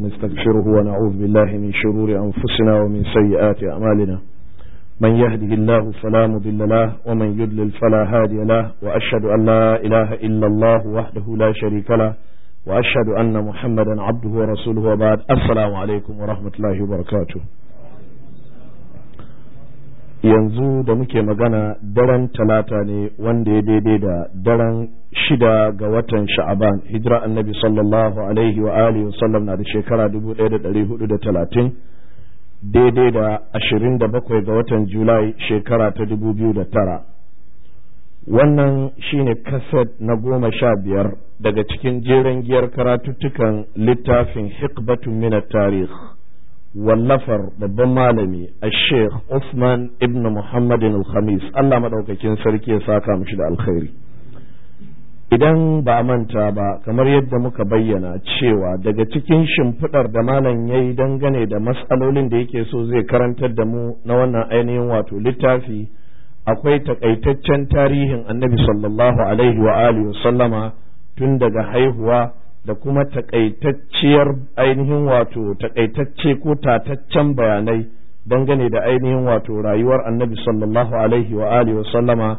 ونستغفره ونعوذ بالله من شرور أنفسنا ومن سيئات أعمالنا من يهده الله فلا مضل له ومن يضلل فلا هادي له وأشهد أن لا إله إلا الله وحده لا شريك له وأشهد أن محمدا عبده ورسوله وبعد السلام عليكم ورحمة الله وبركاته yanzu da muke magana daren talata ne wanda ya daidai da daren shida ga watan sha'aban hijira annabi sallallahu alaihi wa alihi wa sallam na da shekara 1430 daidai da ashirin da 27 ga watan julai shekara ta tara. wannan shine kaset na goma sha biyar daga cikin jeran giyar karatuttukan littafin hikbatun min tarih wallafar babban malami a sheikh Usman ibn Muhammadin al-Khamis Allah madaukakin sarki ya saka mishi da alkhairi idan ba a manta ba kamar yadda muka bayyana cewa daga cikin shimfiɗar da malam ya yi dangane da matsalolin da yake so zai karantar da mu na wannan ainihin wato littafi akwai takaitaccen tarihin annabi sallallahu alaihi wa sallama tun daga haihuwa da kuma takaitacciyar ainihin wato takaitacce ko tataccen bayanai dangane da ainihin wato rayuwar annabi sallallahu alaihi wa sallama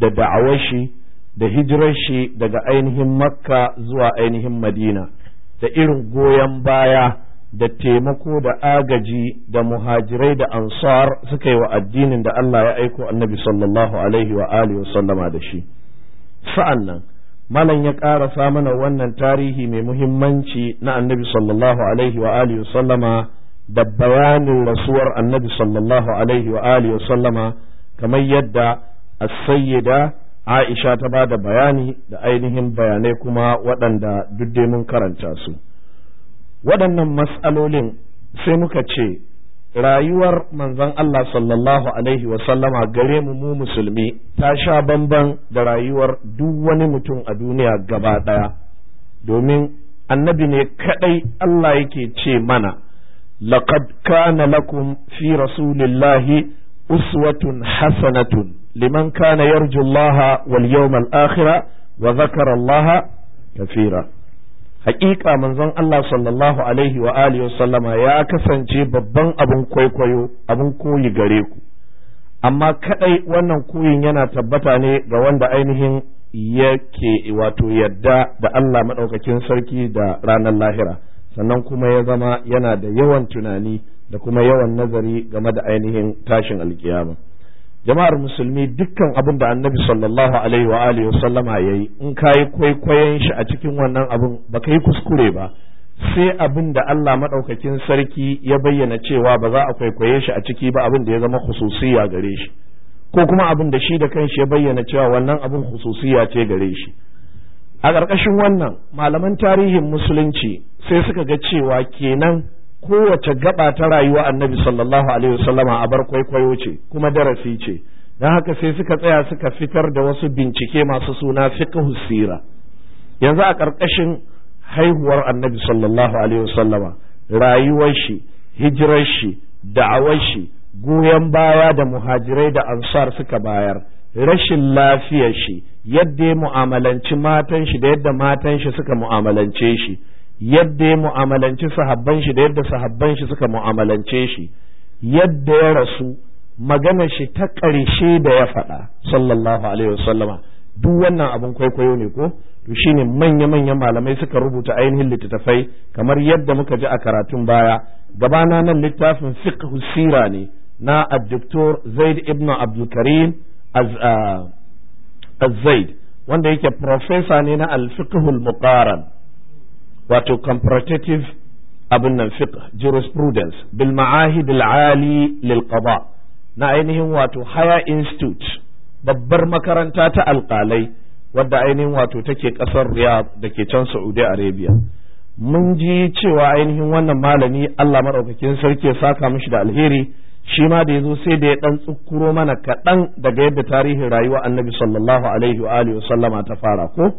da da'awar shi da hijirar shi daga ainihin makka zuwa ainihin madina da irin goyon baya da taimako da agaji da muhajirai da ansar suka yi wa addinin da Allah ya aiko annabi sallallahu alaihi wa alihi sallama da shi sa'an nan malam ya ƙara mana wannan tarihi mai muhimmanci na annabi sallallahu alaihi wa alihi sallama da bayanin rasuwar annabi sallallahu alaihi wa alihi sallama kamar yadda as-sayyida Aisha ta ba da bayani da ainihin bayanai kuma waɗanda duk dai mun karanta su. Waɗannan matsalolin sai muka ce rayuwar manzan Allah sallallahu Alaihi wasallama gare mu mu musulmi ta sha bamban da rayuwar duk wani mutum a duniya gaba ɗaya domin annabi ne kaɗai Allah yake ce mana Laƙad kana lakum fi rasulillahi uswatun hasanatun liman kana yarju Allah wal yawmal akhira wa zakara Allah kafira haƙiƙa manzon Allah sallallahu alaihi wa alihi sallama ya kasance babban abun kwaikwayo abun koyi gare ku amma kadai wannan koyin yana tabbata ne ga wanda ainihin yake wato yadda da Allah madaukakin sarki da ranar lahira sannan kuma ya zama yana da yawan tunani da kuma yawan nazari game da ainihin tashin alkiyama jama'ar musulmi dukkan abin da annabi sallallahu alaihi wa alihi wa sallama yayi in kai kwaikwayon shi a cikin wannan abin ba kai kuskure ba sai abin da Allah madaukakin sarki ya bayyana cewa ba za a kwaikwaye shi a ciki ba abin da ya zama khususiya gare shi ko kuma abin da shi da kanshi ya bayyana cewa wannan abin khususiya ce gare shi a ƙarƙashin wannan malaman tarihin musulunci sai suka ga cewa kenan kowace gaba ta rayuwa annabi sallallahu alaihi wasallama a bar kwaikwayo ce kuma darasi ce don haka sai suka tsaya suka fitar da wasu bincike masu suna fiqhu sira yanzu a ƙarƙashin haihuwar annabi sallallahu alaihi wasallama rayuwar shi hijirar shi da'awar shi goyon baya da muhajirai da ansar suka bayar rashin lafiyar shi yadda ya mu'amalanci matan shi da yadda matan shi suka mu'amalance shi yadda ya mu'amalanci sahabban shi da yadda sahabban shi suka mu'amalance shi yadda ya rasu magana shi ta ƙarshe da ya faɗa sallallahu alaihi wasallama duk wannan abin kwaikwayo ne ko to shine manya-manyan malamai suka rubuta ainihin littattafai kamar yadda muka ji a karatun baya gabana nan littafin fiqh sira ne na addoktor zaid ibn abdulkarim ah, az-zaid wanda yake profesa ne na al-fiqh al-muqaran wato comparative abin nan fiqh jurisprudence bil ma'ahid al-ali lil qada na ainihin wato haya institute babbar makaranta ta alƙalai wadda ainihin wato take ƙasar Riyab da ke can saudi arabia mun ji cewa ainihin wannan malami allah maɗaukakin sarki ya saka mishi da alheri shi ma da ya zo sai da ya ɗan tsukuro mana kaɗan daga yadda tarihin rayuwa annabi sallallahu alaihi wa alihi ta fara ko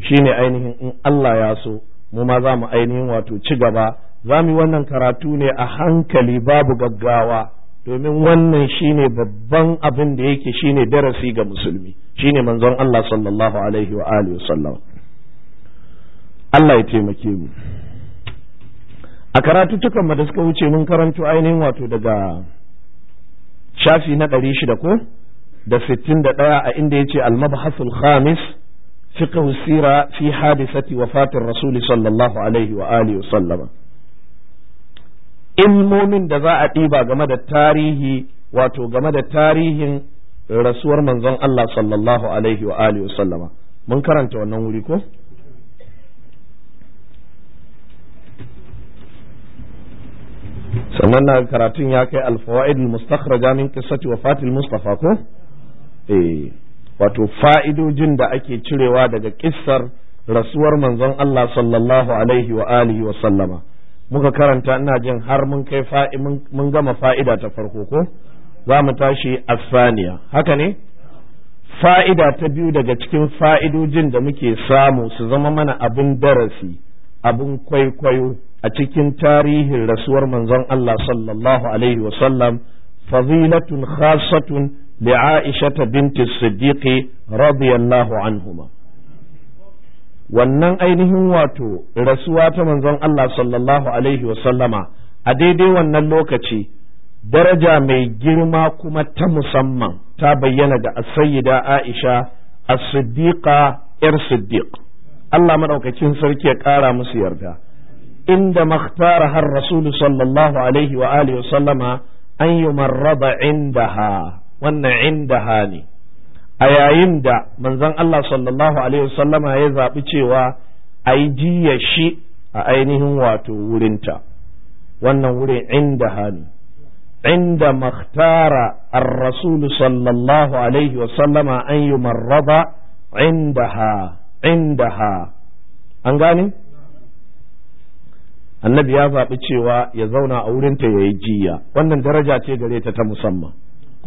shine ainihin in allah ya so mu ma za mu ainihin wato ci gaba za mu yi wannan karatu ne a hankali babu gaggawa domin wannan shine babban abin da yake shine darasi ga musulmi shine manzon Allah sallallahu alaihi wa alihi wa sallam Allah ya taimake mu a karatuttukan mu da suka wuce mun karanto ainihin wato daga shafi na ɗari shida ko da sittin da ɗaya a inda yace ce al-mabhasul khamis fiqh sira fi hadisati wafatir rasul sallallahu alaihi wa alihi wa sallama ilmomin da za a ɗiba game da tarihi wato game da tarihin rasuwar manzon Allah sallallahu alaihi wa alihi wa sallama mun karanta wannan wuri ko sannan na karatun ya kai alfawaid al-mustakhraja min qissati wafati al-mustafa ko wato fa'idojin da ake cirewa daga kissar rasuwar manzon Allah sallallahu alaihi wa alihi wa sallama muka karanta ina jin har mun kai mun gama fa'ida ta farko ko za mu tashi asaniya haka ne fa'ida ta biyu daga cikin fa'idojin da muke samu su zama mana abin darasi abin kwaikwayo a cikin tarihin rasuwar manzon Allah sallallahu alaihi wa sallam fadilatun khasatun ta binti siddiqi radiyallahu anhuma wannan ainihin wato rasuwa ta manzon Allah sallallahu alaihi wasallama a daidai wannan lokaci daraja mai girma kuma ta musamman ta bayyana ga sayyida Aisha a siddiqa yar siddiq Allah madaukakin sarki ya ƙara musu yarda inda makhtara har rasulu sallallahu alaihi wa sallama an yi yumarraba indaha wannan indaha ne a yayin da manzon Allah sallallahu alaihi wasallama ya zaɓi cewa a yi jiya shi a ainihin wato wurinta wannan wurin indaha ne inda makhtara ar-rasul sallallahu alaihi wasallama an yi marraba indaha indaha an gane annabi ya zaɓi cewa ya zauna a wurinta ya yi jiya wannan daraja ce gare ta ta musamman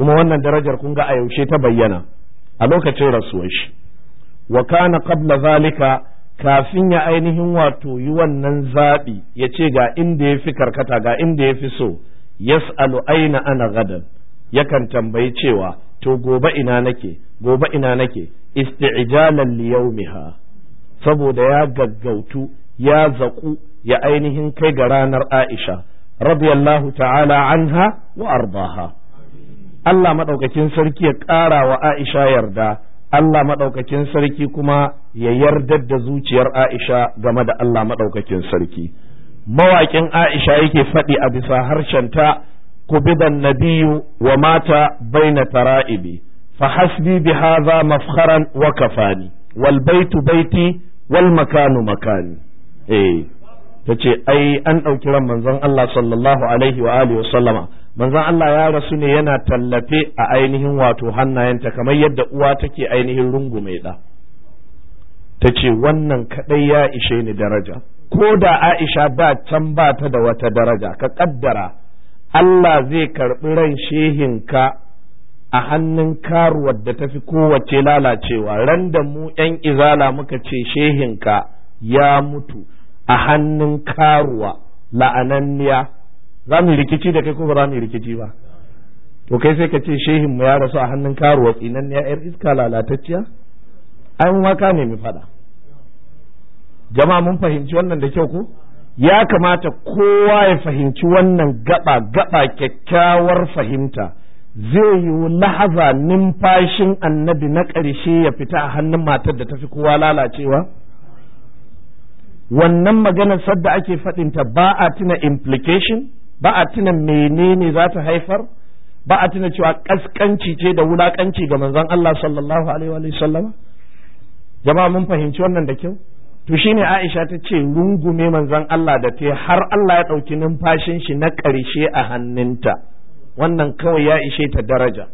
kuma wannan darajar kun ga a yaushe ta bayyana a lokacin rasuwar shi wa kana qabla zalika kafin ya ainihin wato yi wannan zaɓi ya ce ga inda ya fi karkata ga inda ya fi so yas'alu aina ana gadan yakan tambayi cewa to gobe ina nake gobe ina nake isti'jalan li yawmiha saboda ya gaggautu ya zaku ya ainihin kai ga ranar Aisha radiyallahu ta'ala anha wa ardaha Allah maɗaukakin sarki ya ƙara wa Aisha yarda Allah maɗaukakin sarki kuma ya yardar da zuciyar Aisha game da Allah maɗaukakin sarki mawaƙin Aisha yake faɗi a bisa harshenta kubidan nabiyu wa mata baina tara'ibi fa hasbi bi hadha mafkharan wa kafani wal baitu baiti wal makanu makani eh tace ai an ɗauki ran manzon Allah sallallahu alaihi wa alihi wa sallama manzon Allah ya rasu ne yana tallafe a ainihin wato hannayenta kamar yadda uwa take ainihin rungume ɗa ta ce wannan kaɗai ya ishe ni daraja ko da Aisha ba can ba ta da wata daraja ka ƙaddara Allah zai karɓi ran shehin ka a hannun karuwar da tafi kowace lalacewa ran da mu ‘yan izala muka ce shehinka ya mutu a hannun karuwa la'ananniya za mu rikici da kai ko ba za mu rikici ba to kai sai ka ce shehin mu ya rasu a hannun karuwa tsinan ya yar iska lalatacciya An waka ne mu fada jama'a mun fahimci wannan da kyau ko ya kamata kowa ya fahimci wannan gaba gaba kyakkyawar fahimta zai yi lahaza numfashin annabi na ƙarshe ya fita a hannun matar da ta fi kowa lalacewa wannan maganar sadda ake faɗinta ba a tuna implication ba a tuna menene za ta haifar ba a tuna cewa kaskanci ce da wulakanci ga manzon Allah sallallahu alaihi wa sallama jama'a mun fahimci wannan da kyau to shine Aisha ta ce rungume manzon Allah da ta har Allah ya ɗauki numfashin shi na ƙarshe a hannunta wannan kawai ya ishe ta daraja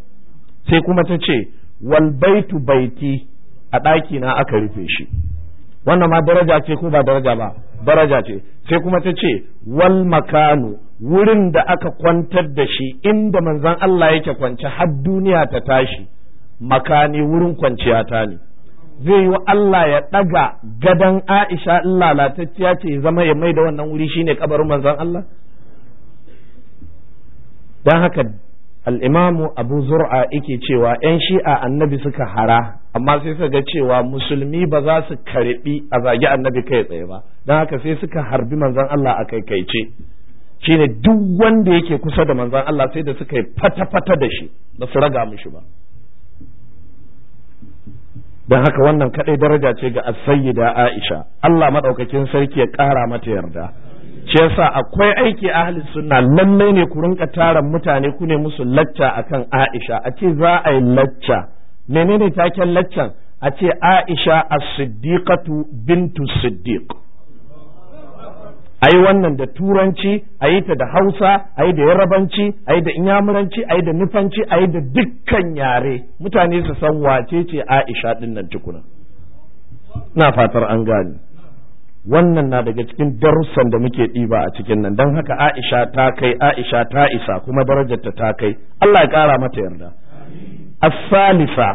sai kuma ta ce wal baitu baiti a ɗakina na aka rufe shi wannan ma daraja ce ko ba daraja ba daraja ce sai kuma ta ce wal makanu wurin da aka kwantar da shi inda manzon Allah yake kwance har duniya ta tashi makani wurin kwanciya ta ne zai yi wa Allah ya ɗaga gadon Aisha in lalatacciya ce zama ya mai da wannan wuri shine kabarin manzon Allah don haka al'imamu abu zur'a yake cewa 'yan shi'a annabi suka hara amma sai suka ga cewa musulmi ba za su karbi a zagi annabi kai tsaye ba don haka sai suka harbi manzan Allah a kaikaice ne duk wanda yake kusa da manzan Allah sai da suka yi fata-fata da shi ba su raga mishi ba don haka wannan kaɗai daraja ce ga as-sayyida Aisha Allah maɗaukakin sarki ya ƙara mata yarda shi yasa akwai aiki a ahli sunna lallai ne ku rinka tara mutane ku ne musu lacca akan Aisha a ce za a yi lacca menene taken laccan a ce Aisha as-siddiqatu bintu siddiq ayi wannan da turanci ayi ta da Hausa ayi da Yarabanci ayi da Inyamuranci ayi da Nufanci ayi da dukkan yare mutane su san wace ce Aisha dinnan tukuna na fatar an gane wannan na daga cikin darussan da muke ɗiba a cikin nan don haka aisha ta kai aisha ta isa kuma darajarta ta kai Allah ya ƙara mata yarda as-salisa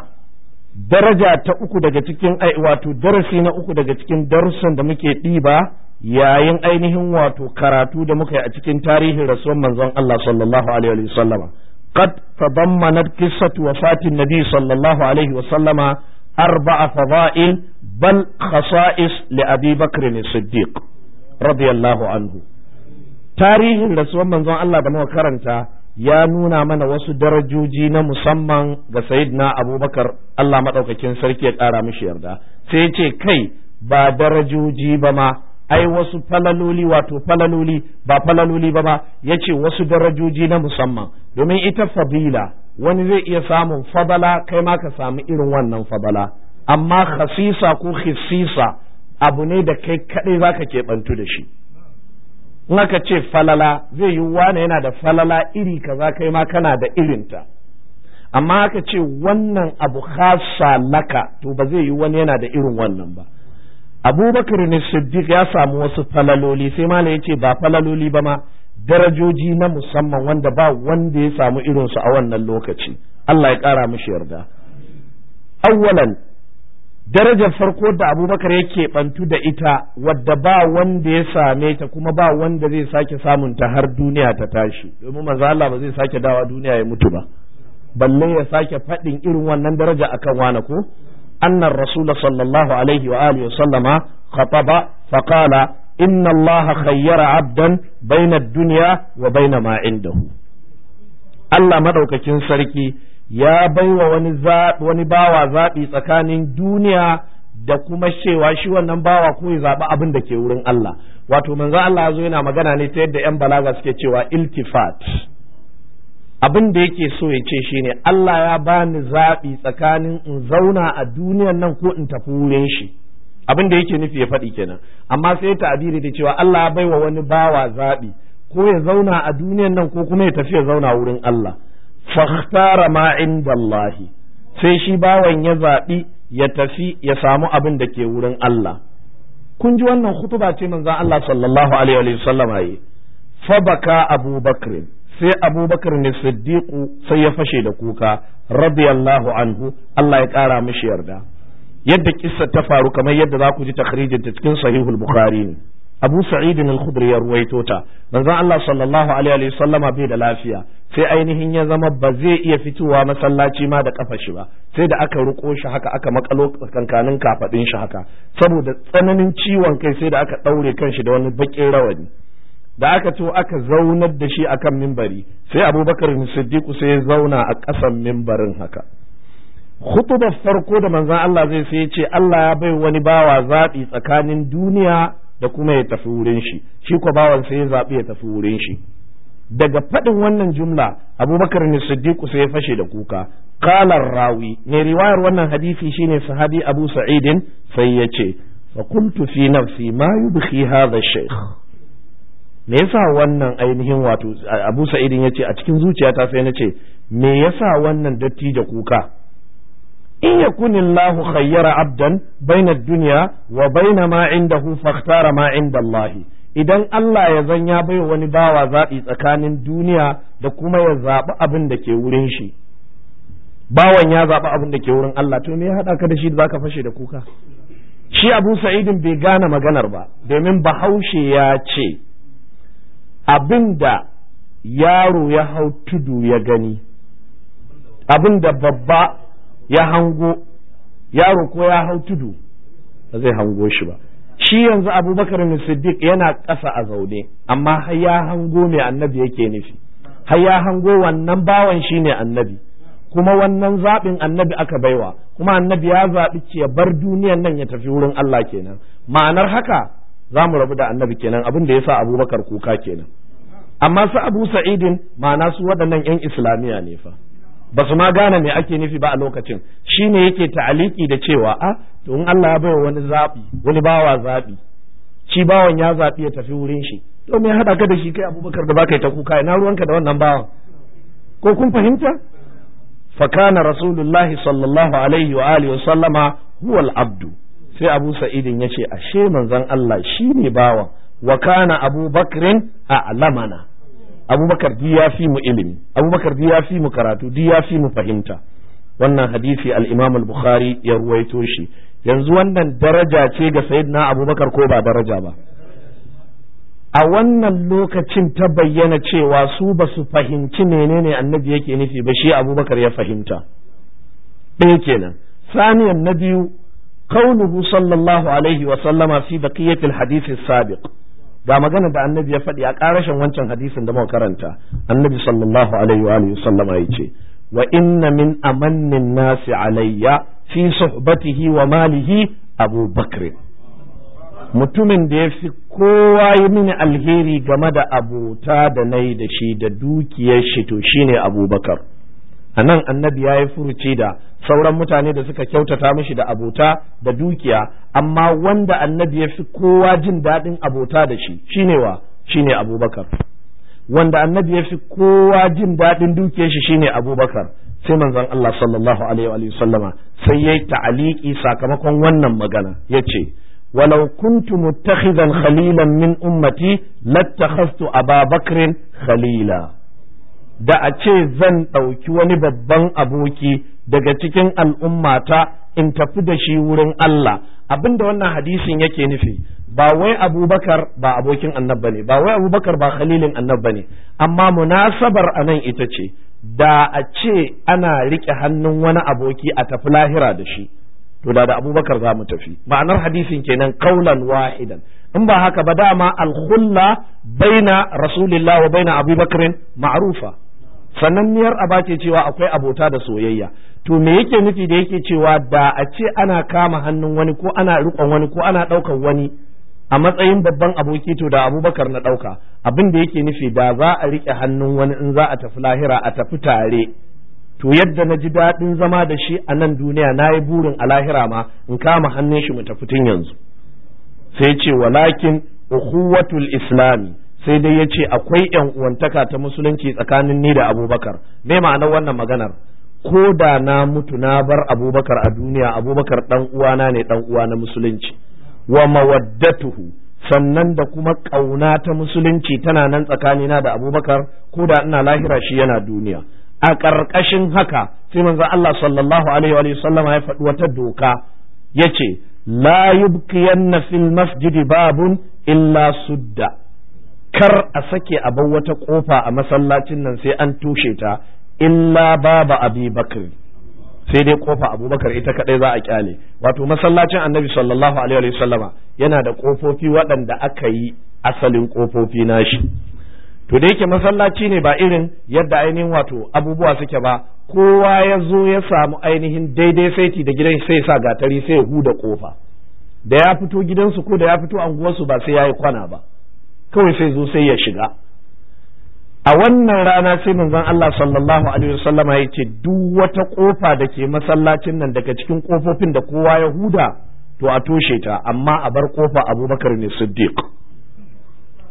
daraja ta uku daga cikin wato darasi na uku daga cikin darussan da muke ɗiba yayin ainihin wato karatu da muka yi a cikin tarihin rasuwar manzon Allah sallallahu alaihi wa sallama qad tadammanat qissatu wafatin nabi sallallahu alaihi wa sallama arba'a fada'il bal khasa'is li abi bakr siddiq radiyallahu anhu tarihin rasuwan manzon Allah da makaranta ya nuna mana wasu darajoji na musamman ga na abubakar Allah maɗaukakin sarki ya ƙara mushi yarda sai ce kai ba darajoji ba ma ai wasu falaloli wato falaloli ba falaloli ba ma ya ce wasu darajoji na musamman domin ita fabila wani zai iya samun fadala kai ma ka samu irin wannan fadala amma khasisa ko khasisa abu ne da kai kaɗai zaka ka keɓantu da shi in aka ce falala zai yi wane yana da falala iri ka kaza kai ma kana da irin ta. amma aka ce wannan abu khasa laka to ba zai yi wani yana da irin wannan ba abubakar ne siddiq ya samu wasu falaloli sai ma ya ce ba falaloli ba ma darajoji na musamman wanda ba wanda ya samu irinsu a wannan lokaci Allah ya ƙara mishi yarda awwalan darajar farko da abubakar yake bantu da ita wadda ba wanda ya same ta kuma ba wanda zai sake samun ta har duniya ta tashi domin manzo Allah ba zai sake dawa duniya ya mutu ba balle ya sake faɗin irin wannan daraja akan wani ko annar rasul sallallahu alaihi wa alihi sallama khataba fa qala inna Allah khayyara abdan baina ad-dunya wa baina ma indahu Allah madaukakin sarki ya baiwa wani wani bawa zaɓi tsakanin duniya da kuma cewa shi wannan bawa ko ya zaɓi abin da ke wurin Allah wato manzo Allah zo yana magana ne ta yadda yan balaga suke cewa iltifat abin da yake so ya ce shine Allah ya bani zaɓi tsakanin in zauna a duniyan nan ko in tafi wurin shi abin da yake nufi ya faɗi kenan amma sai ta da cewa Allah ya baiwa wani bawa zaɓi ko ya zauna a duniyan nan ko kuma ya tafi ya zauna wurin Allah fakhtara ma indallahi sai shi bawan ya zaɓi ya tafi ya samu abin da ke wurin Allah kun ji wannan hutuba ce manzon Allah sallallahu alaihi wa sallam yi fa baka abubakar sai abubakar ne siddiqu sai ya fashe da kuka radiyallahu anhu Allah ya kara mishi yarda yadda kissa ta faru kamar yadda za ku ji takhrijin ta cikin sahihul bukhari ne abu sa'id al-khudri ya ruwaito ta manzon Allah sallallahu alaihi wa sallama bai da lafiya sai ainihin ya zama ba zai iya fitowa masallaci ma da kafa shi ba sai da aka ruko shi haka aka makalo kankanin kafadin shi haka saboda tsananin ciwon kai sai da aka daure shi da wani bakin rawani da aka to aka zaunar da shi akan mimbari sai abubakar siddiq sai ya zauna a ƙasan mimbarin haka khutubar farko da manzon Allah zai sai ya ce Allah ya bai wani bawa zaɓi tsakanin duniya da kuma ya tafi wurin shi shi ko bawan sai ya zaɓi ya tafi wurin shi daga faɗin wannan jumla abubakar ne siddiqu sai ya fashe da kuka qalar rawi ne riwayar wannan hadisi shine sahabi abu sa'idin sai ya ce fa kuntu fi nafsi ma yubhi hadha shaykh me yasa wannan ainihin wato abu sa'idin ya ce a cikin zuciyata sai na ce me yasa wannan dattijo kuka in yakun Allah khayyara abdan bainad duniya wa baina ma indahu fa ma inda Allahi idan Allah ya zan ya bai wani bawa zaɓi tsakanin duniya da kuma ya zaɓi abin da ke wurin shi bawan ya zaɓi abin da ke wurin Allah to me ya haɗa ka da shi da zaka fashe da kuka shi Abu Sa'idin bai gane maganar ba domin Bahaushe ya ce abin da yaro ya hau tudu ya gani abin da babba ya hango yaro ko ya hau tudu ba zai hango shi ba shi yanzu abubakar siddiq yana ƙasa a zaune amma har ya hango mai annabi yake nufi har ya hango wannan bawan shi ne annabi kuma wannan zaɓin annabi aka baiwa kuma annabi ya zaɓi ya bar duniyan nan ya tafi wurin Allah kenan ma'anar haka za mu rabu da annabi kenan abin da ya sa abubakar kuka kenan amma su abu sa'idin ma'ana su waɗannan 'yan islamiyya ne fa ba su ma gane me ake nufi ba a lokacin Shi ne yake ta'aliki da cewa a ah, to in Allah ya bai wani zabi wani bawa zabi shi bawan ya zabi ya tafi wurin shi to me hada ka da shi kai Abubakar da baka yi ta kuka ina ruwanka da wannan bawan ko kun fahimta Fa fakana rasulullahi sallallahu alaihi wa alihi wa sallama huwal abdu sai abu sa'idin ya ce ashe manzon Allah shi ne bawan wa kana Abubakarin a alamana abubakar di ya fi mu ilimi abubakar di ya fi mu karatu di ya fi mu fahimta wannan hadisi al-imam al-bukhari ya ruwaito shi yanzu wannan daraja ce ga sayyidina abubakar ko ba daraja ba a wannan lokacin ta bayyana cewa su ba su fahimci menene annabi yake nufi ba shi abubakar ya fahimta ɗaya kenan saniyan na biyu kaunuhu sallallahu alaihi wa sallama fi baqiyatil hadith sabiq ga magana da annabi ya faɗi a ƙarashin wancan hadisin da muka karanta annabi sallallahu alaihi wa alihi sallama yace wa inna min amannin nasi alayya fi suhbatihi wa malihi abu bakr mutumin da ya fi kowa yi mini alheri game da abota da nayi da shi da dukiyar shi to shine abubakar a nan annabi ya yi furuci da sauran mutane da suka kyautata mishi da abota da dukiya amma wanda annabi ya fi kowa jin daɗin abota da shi shine wa shine abubakar wanda annabi ya fi kowa jin daɗin dukiyar shi shine abubakar sai manzon Allah sallallahu alaihi wa sallama sai yayi ta'aliki sakamakon wannan magana yace ولو كنت متخذا khalilan min أمتي لاتخذت أبا بكر da a ce zan ɗauki wani babban aboki daga cikin al'ummata in tafi da shi wurin Allah abin da wannan hadisin yake nufi ba wai abubakar ba abokin annabba ne ba wai abubakar ba khalilin annabba ne amma munasabar a nan ita ce da a ce ana riƙe hannun wani aboki a tafi lahira da shi to da da abubakar za mu tafi ma'anar hadisin kenan kaulan wahidan in ba haka ba dama alkhulla baina rasulillah wa baina abubakar ma'rufa sananniyar aba ce cewa akwai abota da soyayya to me yake nufi da yake cewa da a ce ana kama hannun wani ko ana riƙon wani ko ana ɗaukar wani a matsayin babban aboki to da abubakar na ɗauka abin da yake nufi da za a riƙe hannun wani in za a tafi lahira a tafi tare to yadda na ji daɗin zama da shi a nan duniya na yi burin a lahira ma in kama hannun shi mu tafi tun yanzu sai ce walakin uhuwatul islami sai dai ya ce akwai yan uwantaka ta musulunci tsakanin ni da abubakar me ma'anar wannan maganar ko da na mutu na bar abubakar a duniya abubakar dan uwana ne dan uwa na musulunci wa mawaddatuhu sannan da kuma ƙauna ta musulunci tana nan tsakani na da abubakar ko da ina lahira shi yana duniya a ƙarƙashin haka sai manzo Allah sallallahu alaihi wa sallama ya faɗi wata doka yace la yubqiyanna fil masjidi babun illa sudda kar a sake a wata kofa a masallacin nan sai an tushe ta illa baba abi bakr sai dai kofa abubakar ita kadai za a kyale wato masallacin annabi sallallahu alaihi sallama yana da kofofi waɗanda aka yi asalin kofofi nashi to da yake masallaci ne ba irin yadda ainihin wato abubuwa suke ba kowa ya zo ya samu ainihin daidai saiti da gidan sai sa gatari sai ya huda kofa da ya fito gidansu ko da ya fito anguwarsu ba sai ya yi kwana ba kawai sai zo sai ya shiga a wannan rana sai manzon Allah sallallahu alaihi wasallam ya ce duk wata kofa da ke masallacin nan daga cikin kofofin da kowa ya huda to a toshe ta amma a bar kofa Abubakar ne Siddiq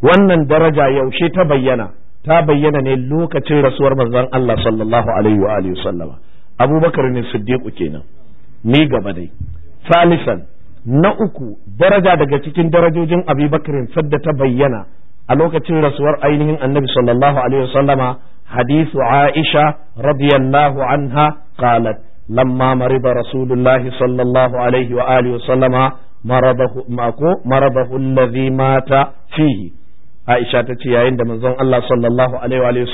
wannan daraja yaushe ta bayyana ta bayyana ne lokacin rasuwar manzon Allah sallallahu alaihi wa alihi wasallama Abubakar ne Siddiq kenan ni gaba dai salisan na uku daraja daga cikin darajojin abubakarin sadda ta bayyana a lokacin rasuwar ainihin annabi sallallahu alaihi wasallama hadithu aisha radiyallahu anha qalat lamma marida rasulullahi sallallahu alaihi wa alihi wasallama maradahu ma'ako mata fihi aisha ta ce yayin da manzon Allah sallallahu alaihi wa alihi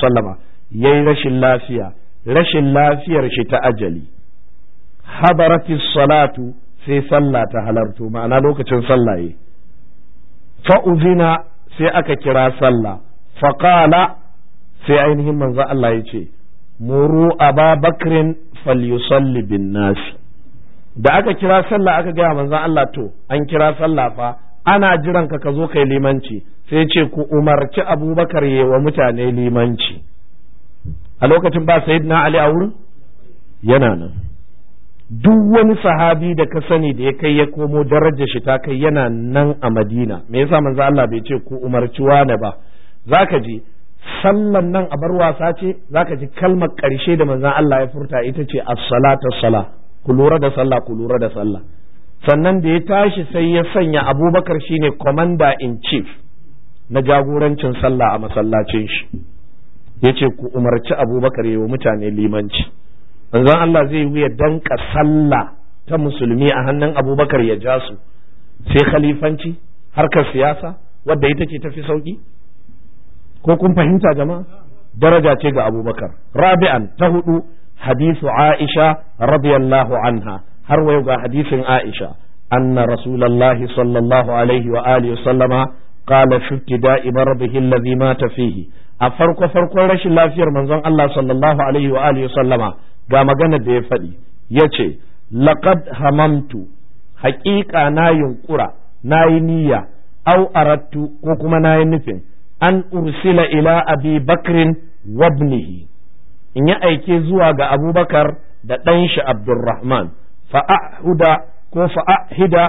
yayi rashin lafiya rashin lafiyar shi ta ajali hadaratis salatu sai sallah ta halarto ma'ana lokacin sallah yi fa'uzina sai aka kira sallah faƙala sai ainihin manzo Allah ya ce muru aba bakrin falyusalli bin nasi da aka kira sallah aka gaya manzo Allah to an kira sallah fa ana jiran ka ka zo kai limanci sai ce ku umarci abubakar ya wa mutane limanci a lokacin ba sayyidina ali a wurin yana nan duk wani sahabi da ka sani da ya kai ya komo daraja shi ta kai yana nan a madina me yasa manzo Allah bai ce ku umarci wane ba zaka ji sallan nan a bar wasa ce zaka ji kalmar ƙarshe da manzo Allah ya furta ita ce as-salatu sala ku lura da sallah ku lura da sallah sannan da ya tashi sai ya sanya Abubakar shine commander in chief na jagorancin sallah a masallacin shi yace ku umarci Abubakar yawa mutane limanci manzon Allah zai wuya danka sallah ta musulmi a hannun abubakar ya ja su sai khalifanci harkar siyasa wadda ita ce tafi sauki ko kun fahimta jama'a daraja ce ga abubakar rabi'an ta hudu hadisu aisha radiyallahu anha har wayo ga hadisin aisha anna rasulullahi sallallahu alaihi wa alihi sallama qala fi ibtida'i marbihi alladhi mata fihi a farko farkon rashin lafiyar manzon Allah sallallahu alaihi wa alihi sallama ga magana da ya faɗi yace laqad hamamtu haƙiƙa na yunƙura na yi niyya au arattu ko kuma na yi nufin an ursila ila abi bakrin wabnihi in yi aike zuwa ga abubakar da ɗan shi abdurrahman fa'ahuda ko fa'ahida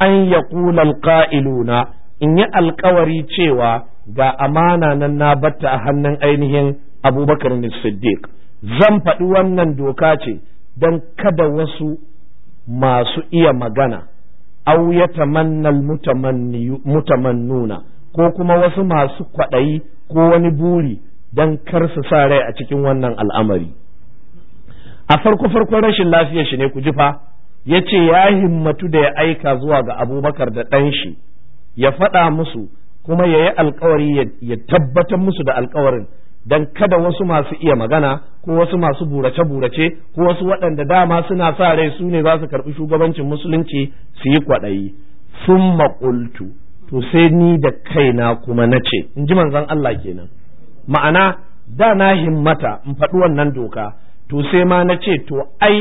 an ya ƙula alƙa'iluna in yi alƙawari cewa ga amana nan na batta a hannun ainihin abubakar siddiq zan faɗi wannan doka ce don kada wasu masu iya magana au ya tamannal mutamannuna ko kuma wasu masu kwaɗayi ko wani buri don kar sa rai a cikin wannan al'amari a farko farkon rashin lafiyar shi ne ku ji ya ce ya himmatu da ya aika zuwa ga abubakar da ɗan shi ya faɗa musu kuma ya yi alkawari ya tabbatar musu da alkawarin don kada wasu masu iya magana ko wasu masu burace-burace ko wasu waɗanda dama suna sa rai su ne za su karɓi shugabancin musulunci su yi kwaɗayi sun maƙultu to sai ni da kaina kuma na ce in ji manzan Allah kenan ma'ana da na himmata in faɗi wannan doka to sai ma na ce to ai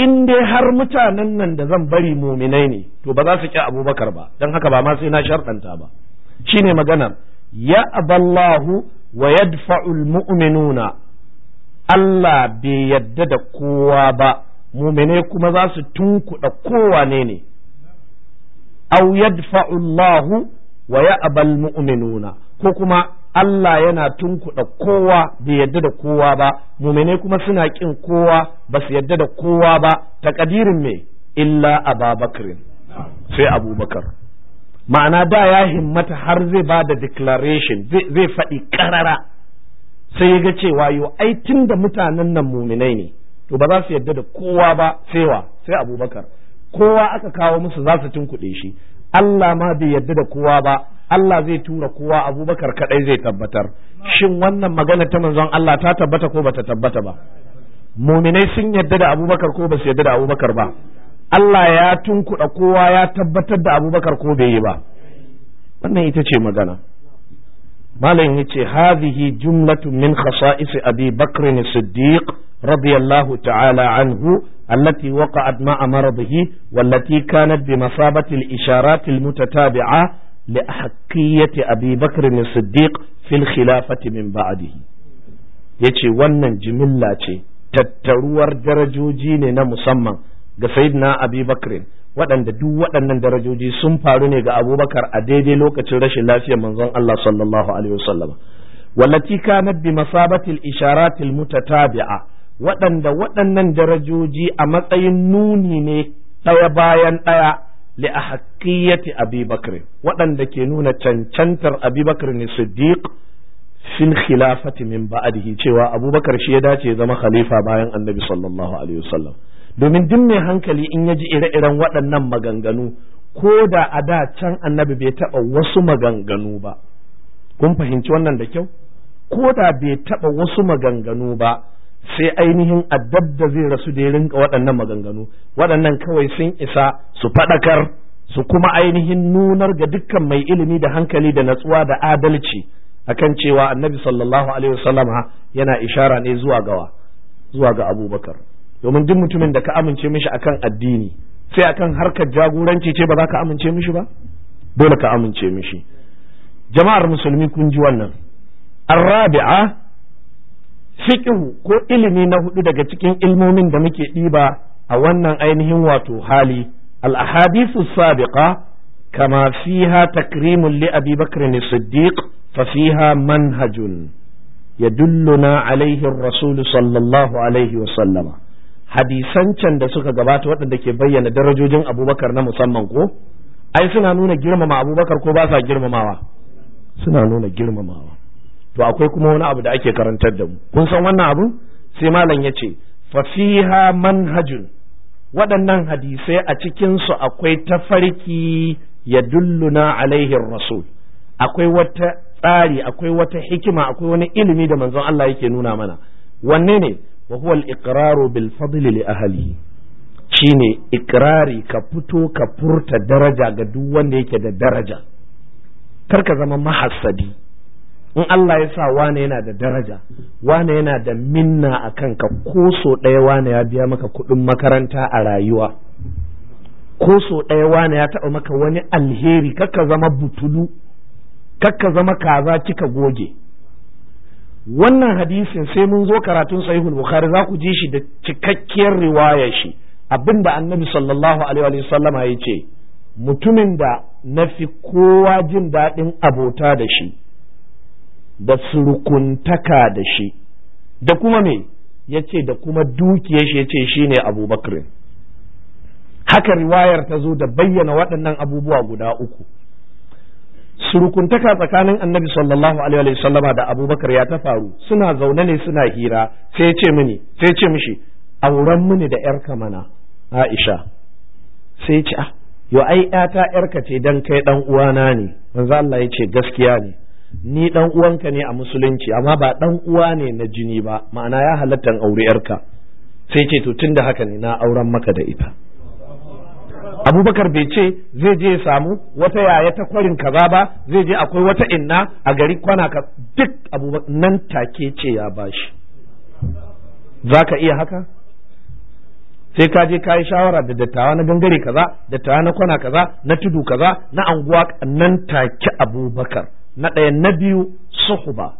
in dai har mutanen nan da zan bari muminai ne to ba za su ƙi abubakar ba don haka ba ma sai na sharɗanta ba shine maganar ya aballahu wa yadfa'ul mu'minuna Allah bai yadda da kowa ba mumine kuma za su tunkuɗa kowane ne au yadfa'ullahu wa ya mu'minuna ko kuma Allah yana tunkuɗa kowa bai yadda da kowa ba mumine kuma suna ƙin kowa ba su yadda da kowa ba takadirin me illa ababakrin sai abubakar ma'ana da ya himmata har zai ba da declaration zai faɗi ƙarara sai ya ga cewa yo ai tun da mutanen nan muminai ne to ba za su yarda da kowa ba sai sai abubakar kowa aka kawo musu za su tunkuɗe shi Allah ma bai yarda da kowa ba Allah zai tura kowa abubakar kaɗai zai tabbatar shin wannan magana ta manzon Allah ta tabbata ko ba ta tabbata ba muminai sun yarda da abubakar ko ba su yarda da abubakar ba Allah ya tunkuɗa kowa ya tabbatar da abubakar ko bai yi ba wannan ita ce magana malam ya ce hadhihi jumlatun min khasa'is abi bakr siddiq radiyallahu ta'ala anhu allati waqa'at ma'a maradihi wallati kanat bi masabati al-isharat al-mutatabi'a li ahqiyati abi bakr siddiq fil khilafati min ba'dihi yace wannan jimilla ce tattaruwar darajoji ne na musamman ga sayyidina abi bakrin waɗanda duk waɗannan darajoji sun faru ne ga abubakar a daidai lokacin rashin lafiyar manzon Allah sallallahu alaihi wasallama wallati kanat bi masabatil isharatil mutatabi'a waɗanda waɗannan darajoji a matsayin nuni ne ɗaya bayan ɗaya li ahqiyati abi bakr waɗanda ke nuna cancantar abi bakr ne siddiq fil khilafati min ba'adihi cewa abubakar shi ya dace zama khalifa bayan annabi sallallahu alaihi wasallam domin duk mai hankali in ya ji ire-iren waɗannan maganganu ko da a da can annabi bai taɓa wasu maganganu ba kun fahimci wannan da kyau ko da bai taɓa wasu maganganu ba sai ainihin addab da zai rasu da ya rinka waɗannan maganganu waɗannan kawai sun isa su faɗakar su kuma ainihin nunar ga dukkan mai ilimi da hankali da natsuwa da adalci akan cewa annabi sallallahu alaihi wasallama yana ishara ne zuwa gawa zuwa ga abubakar domin duk mutumin da ka amince mishi akan addini sai akan harkar jagoranci ce ba za ka amince mishi ba dole ka amince mishi jama'ar musulmi kun ji wannan arrabi'a fiqhu ko ilimi na hudu daga cikin ilmomin da muke ɗiba a wannan ainihin wato hali al-ahadithu sabiqa kama fiha takrimun li abi bakr as-siddiq fa fiha manhajun yadulluna alayhi ar-rasul sallallahu alayhi wa sallama hadisan can da suka gabata waɗanda ke bayyana darajojin abubakar na musamman ko ai suna nuna girmama abubakar ko ba sa girmamawa suna nuna girmamawa to akwai kuma wani abu da ake karantar da mu kun san wannan abu sai malam ya ce Fasiha manhajun waɗannan hadisai a cikinsu akwai tafarki ya dulluna alaihin rasul akwai wata tsari akwai wata hikima akwai wani ilimi da manzon Allah yake nuna mana wanne ne wa huwa al-iqraru bil fadli li ahlihi shine ikrari ka fito ka furta daraja ga duk wanda yake da daraja kar ka zama mahassadi in Allah ya sa wane yana da daraja wane yana da minna a kanka ko so ɗaya wane ya biya maka kuɗin makaranta a rayuwa ko so ɗaya wane ya taɓa maka wani alheri ka zama butulu Karka zama kaza kika goge wannan hadisin sai mun zo karatun sahihul bukhari za ku ji shi da cikakkiyar riwaya shi abinda annabi sallallahu alaihi wa sallama ya ce mutumin da na fi kowa jin daɗin abota da shi da surukuntaka da shi da kuma me ya ce da kuma dukiyar shi ya ce shi ne abubakar haka riwayar ta zo da bayyana waɗannan abubuwa guda uku surukuntaka tsakanin annabi sallallahu alaihi wa sallama da abubakar ya ta faru suna zaune ne suna hira sai ce mini sai ce mishi auren mini da yarka mana aisha sai ce ah yo ai yata yarka ce dan kai dan uwana ne manzo Allah ya ce gaskiya ne ni dan uwanka ne a musulunci amma ba dan uwa ne na jini ba ma'ana ya halatta aure yarka sai ce to tunda haka ne na auren maka da ita abubakar bai ce zai je ya samu wata yaya ta kwarin kaza ba zai je akwai wata inna a gari kwana ka duk abubakar nan take ce ya bashi za ka iya haka sai ka je ka yi shawara da dattawa na gangare kaza dattawa na kwana kaza na tudu kaza na anguwa nan take abubakar na ɗaya na biyu suhuba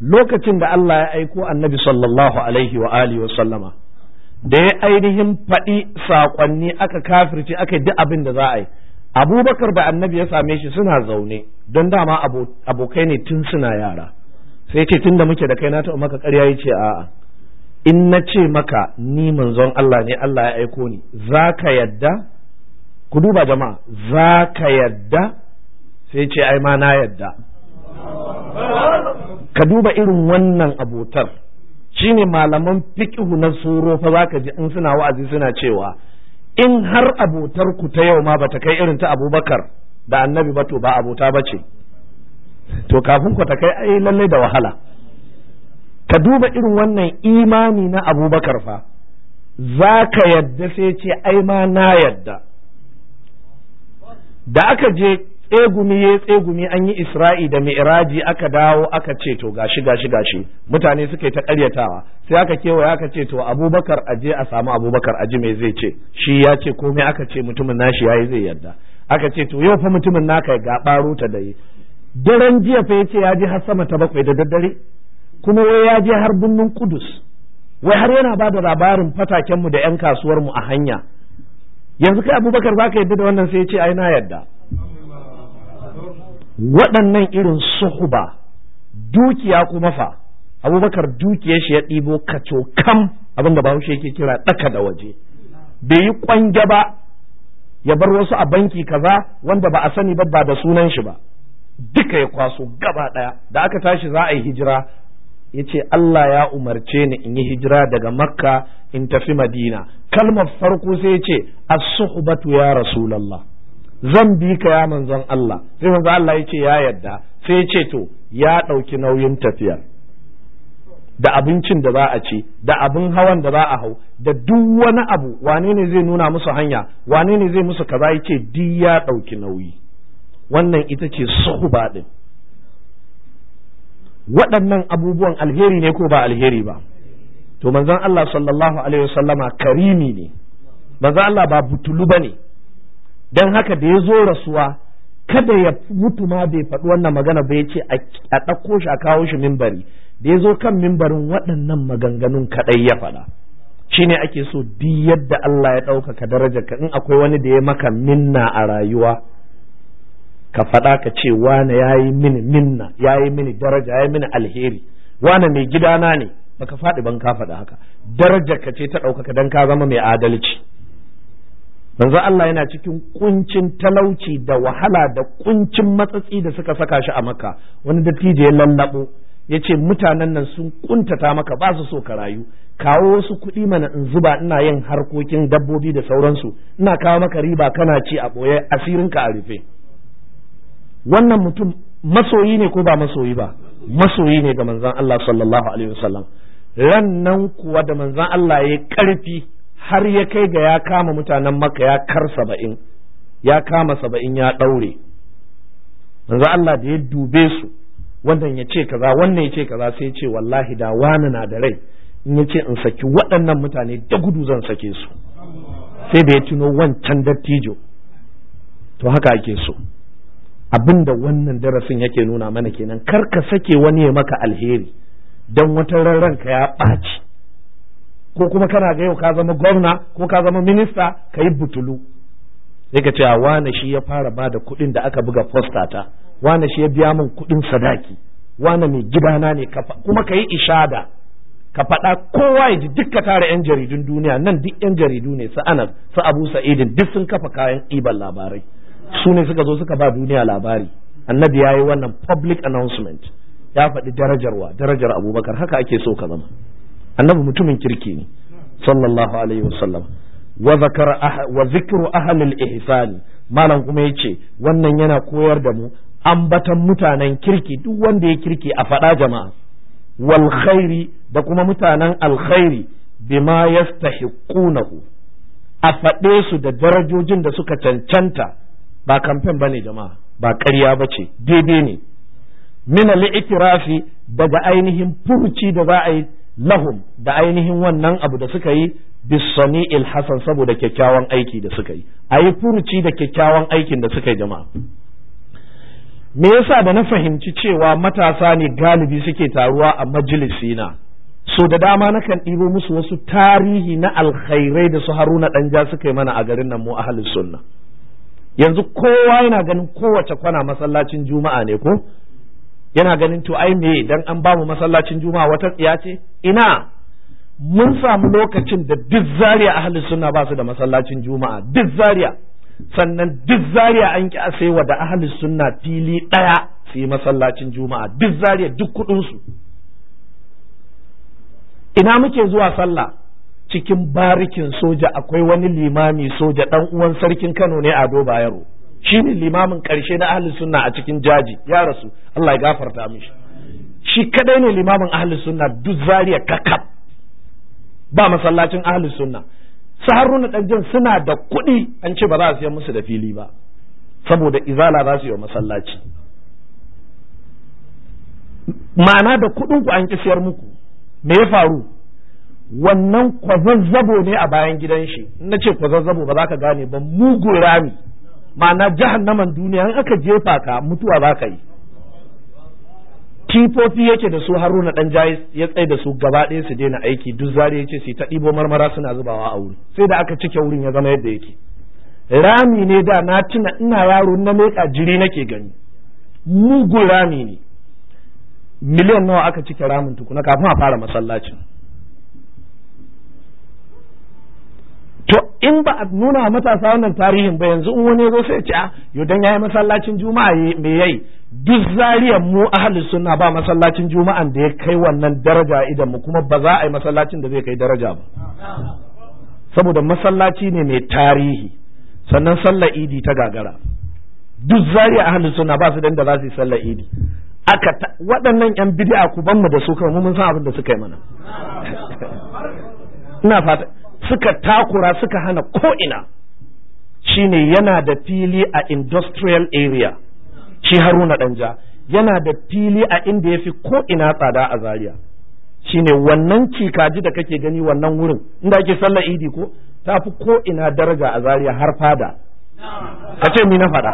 lokacin da Allah ya aiko annabi sallallahu alaihi wa alihi wa sallama da ya ainihin faɗi saƙonni aka kafirce aka duk abin da za a yi abubakar da annabi ya same shi suna zaune don dama abokai ne tun suna yara sai ce tun da muke da kai na taɓa maka ƙarya ya ce a'a in na ce maka ni manzon Allah ne Allah ya aiko ni za ka yadda ku duba jama'a za ka yadda sai ce ai ma na yadda ka duba irin wannan abotar shine malaman fiqhu na tsoro fa zaka ji in suna wa'azi suna cewa in har abotar ku ta yau ma bata kai irin ta Abubakar da Annabi ba to ba abota bace to kafin ku ta kai ai lalle da wahala ka duba irin wannan imani na Abubakar fa zaka yadda sai ce ai ma na yadda da aka je tsegumi ya tsegumi an yi isra'i da mi'raji aka dawo aka ce to gashi gashi gashi mutane suka ta karyatawa sai aka kewaya aka ce to abubakar aje a samu abubakar aji mai zai ce shi ya ce komai aka ce mutumin nashi yayi zai yarda aka ce to yau fa mutumin naka ga baruta da yi daren jiya fa yace ya je har sama ta bakwai da daddare kuma wai ya je har birnin kudus wai har yana ba da labarin fatakenmu da 'yan kasuwarmu a hanya yanzu kai abubakar za ka yadda da wannan sai ya ce ai na yadda waɗannan irin suhuba dukiya kuma fa abubakar dukiyar shi ya ɗibo kaco kam abin da bahaushe yake kira ɗaka da waje bai yi ƙwanja ba ya bar wasu a banki kaza wanda ba a sani ba ba da sunan shi ba duka ya kwaso gaba ɗaya da aka tashi za a yi hijira ya ce Allah ya umarce ni in yi hijira daga makka in tafi madina kalmar farko sai ya ce as batu ya rasulallah zan bi ka ya manzon Allah sai manzo Allah ya ce ya yadda sai ya ce to ya ɗauki nauyin tafiya da abincin da za a ci da abin hawan da za a hau da duk wani abu wane ne zai nuna musu hanya wane ne zai musu kaza yace duk ya ɗauki nauyi wannan ita ce suhuba din waɗannan abubuwan alheri ne ko ba alheri ba to manzon Allah sallallahu alaihi wasallama karimi ne manzon Allah ba butulu bane don haka da ya zo rasuwa kada ya mutu ma bai faɗi wannan magana ba ya ce a ɗauko shi a kawo shi mimbari da ya zo kan mimbarin waɗannan maganganun kaɗai ya faɗa ne ake so duk yadda Allah ya ɗaukaka darajarka in akwai wani da ya maka minna a rayuwa ka faɗa ka ce wane ya yi mini minna ya yi mini daraja ya yi mini alheri wane mai gidana ne baka faɗi ban ka faɗa haka darajarka ka ce ta ɗaukaka don ka zama mai adalci manzo Allah yana cikin kuncin talauci da wahala da kuncin matsatsi da suka saka shi a maka wani dattijo ya lallabo ya ce mutanen nan sun kuntata maka ba su so ka rayu kawo wasu kuɗi mana in zuba ina yin harkokin dabbobi da sauransu ina kawo maka riba kana ci a ɓoye ka a rufe wannan mutum masoyi ne ko ba masoyi ba masoyi ne ga manzon Allah sallallahu alaihi wasallam ran nan kuwa da manzon Allah ya karfi har ya kai ga ya kama mutanen maka ya kar saba'in ya kama saba'in ya ɗaure yanzu Allah da ya dube su wannan ya ce kaza wannan ya ce kaza sai ya ce wallahi da wani na da rai in ya ce in saki waɗannan mutane da gudu zan sake su sai da ya tuno wancan dattijo to haka ake so abin da wannan darasin yake nuna mana kenan kar ka sake wani ya maka alheri don wata ranka ya ɓaci ko kuma kana ga yau ka zama gwamna ko ka zama minista ka yi butulu sai ka ce a wane shi ya fara ba da kuɗin da aka buga fosta ta wane shi ya biya min kuɗin sadaki wane mai gidana ne kuma ka yi ishada ka faɗa kowa ya ji dukka tara 'yan jaridun duniya nan duk 'yan jaridu ne su anas su abu sa'idin duk sun kafa kayan iban labarai su ne suka zo suka ba duniya labari annabi ya yi wannan public announcement ya faɗi darajarwa darajar abubakar haka ake so ka zama annabi mutumin kirki ne sallallahu alaihi wasallam wa zakara wa zikru ahlil ihsan malam kuma yace wannan yana koyar da mu ambatan mutanen kirki duk wanda ya kirki a faɗa jama'a wal khairi da kuma mutanen alkhairi bima yastahiqunahu a faɗe su da darajojin da suka cancanta ba kamfen bane jama'a ba ƙarya ba ce daidai ne min al daga ainihin furuci da za a yi lahum da ainihin wannan abu da suka yi bisani ilhassan saboda kyakkyawan aiki da suka yi a yi furuci da kyakkyawan aikin da suka yi jama'a me yasa da na fahimci cewa matasa ne galibi suke taruwa a majalisina so da dama na kan ɗibo musu wasu tarihi na alkhairai da su haruna ɗanja suka yi mana a garin nan mu ahalin sunna yanzu kowa yana ganin kowace kwana masallacin juma'a ne ko yana ganin to ai me dan an ba mu masallacin juma'a wata tsiya ce ina mun samu lokacin da duk zariya ahli sunna ba su da masallacin juma'a duk zariya sannan duk zariya an ki asaiwa da ahli sunna fili daya su yi masallacin juma'a duk zariya duk kudin su ina muke zuwa sallah cikin barikin soja akwai wani limami soja dan uwan sarkin Kano ne Ado Bayero shi ne limamin karshe na ahli sunna a cikin jaji ya rasu Allah ya gafarta mishi shi kadai ne limamin ahli sunna duk zariya kakab ba masallacin ahli sunna su haruna ɗanjin suna da kuɗi an ce ba za a siyan musu da fili ba saboda izala za su yi wa masallaci ma'ana da kuɗin ku an ki siyar muku me ya faru wannan kwazazzabo ne a bayan gidan shi na ce kwazazzabo ba za ka gane ba mugun rami ma'ana jahannaman duniya in aka jefa ka mutuwa ba ka yi kifofi yake da su haruna dan jayis ya tsaye da su gaba ɗaya su daina aiki duk zare ya ce su ta ɗibo marmara suna zubawa a wuri sai da aka cike wurin ya zama yadda yake rami ne da na tuna ina yaro na meka jiri nake gani mugun rami ne miliyan nawa aka cike ramin tukuna kafin a fara masallacin to in ba a nuna wa matasa wannan tarihin ba yanzu in wani zo sai ce a ah, yo ya yi masallacin juma'a eh, me yayi duk zariyar mu ahli sunna ba masallacin juma'an da ya kai wannan daraja idan mu kuma ba za a yi masallacin da zai kai daraja ba saboda masallaci ne mai tarihi sannan sallar idi ta gagara duk zariya ahli sunna ba su da inda za su yi sallar idi aka waɗannan yan bid'a ku ban mu da su kawai mun san abin da suka yi mana ina fata suka takura suka hana ko'ina shine yana da fili a industrial area shi haruna danja yana da fili a inda ya fi ko'ina tsada a zaria shine wannan kikaji da kake gani wannan wurin inda ake sallar idi ko tafi ko ina daraja a zaria har fada ka ce mi na fada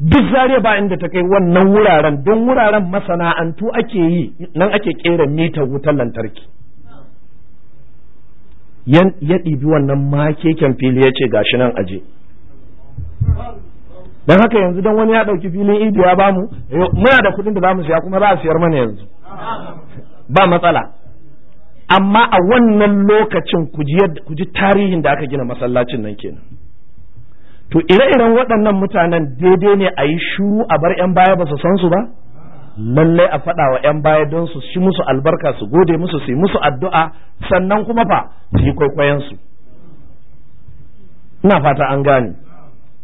duk zariya ba inda ta kai wannan wuraren don wuraren masana'antu ake yi nan ake kera mitar wutar lantarki ya ɗibi wannan makeken fili ya ce gashi nan aje don haka yanzu don wani ya ɗauki filin idi ya bamu eh, muna da kuɗin da za mu siya kuma za a siyar mana yanzu ba matsala amma a wannan lokacin ku ji tarihin da aka gina masallacin nan kenan to ire-iren waɗannan mutanen daidai ne a yi shuru a bar 'yan baya ba su san su ba lallai a faɗa wa 'yan baya don su shi musu albarka su gode musu su yi musu addu'a sannan kuma fa su yi kwaikwayensu ina fata an gane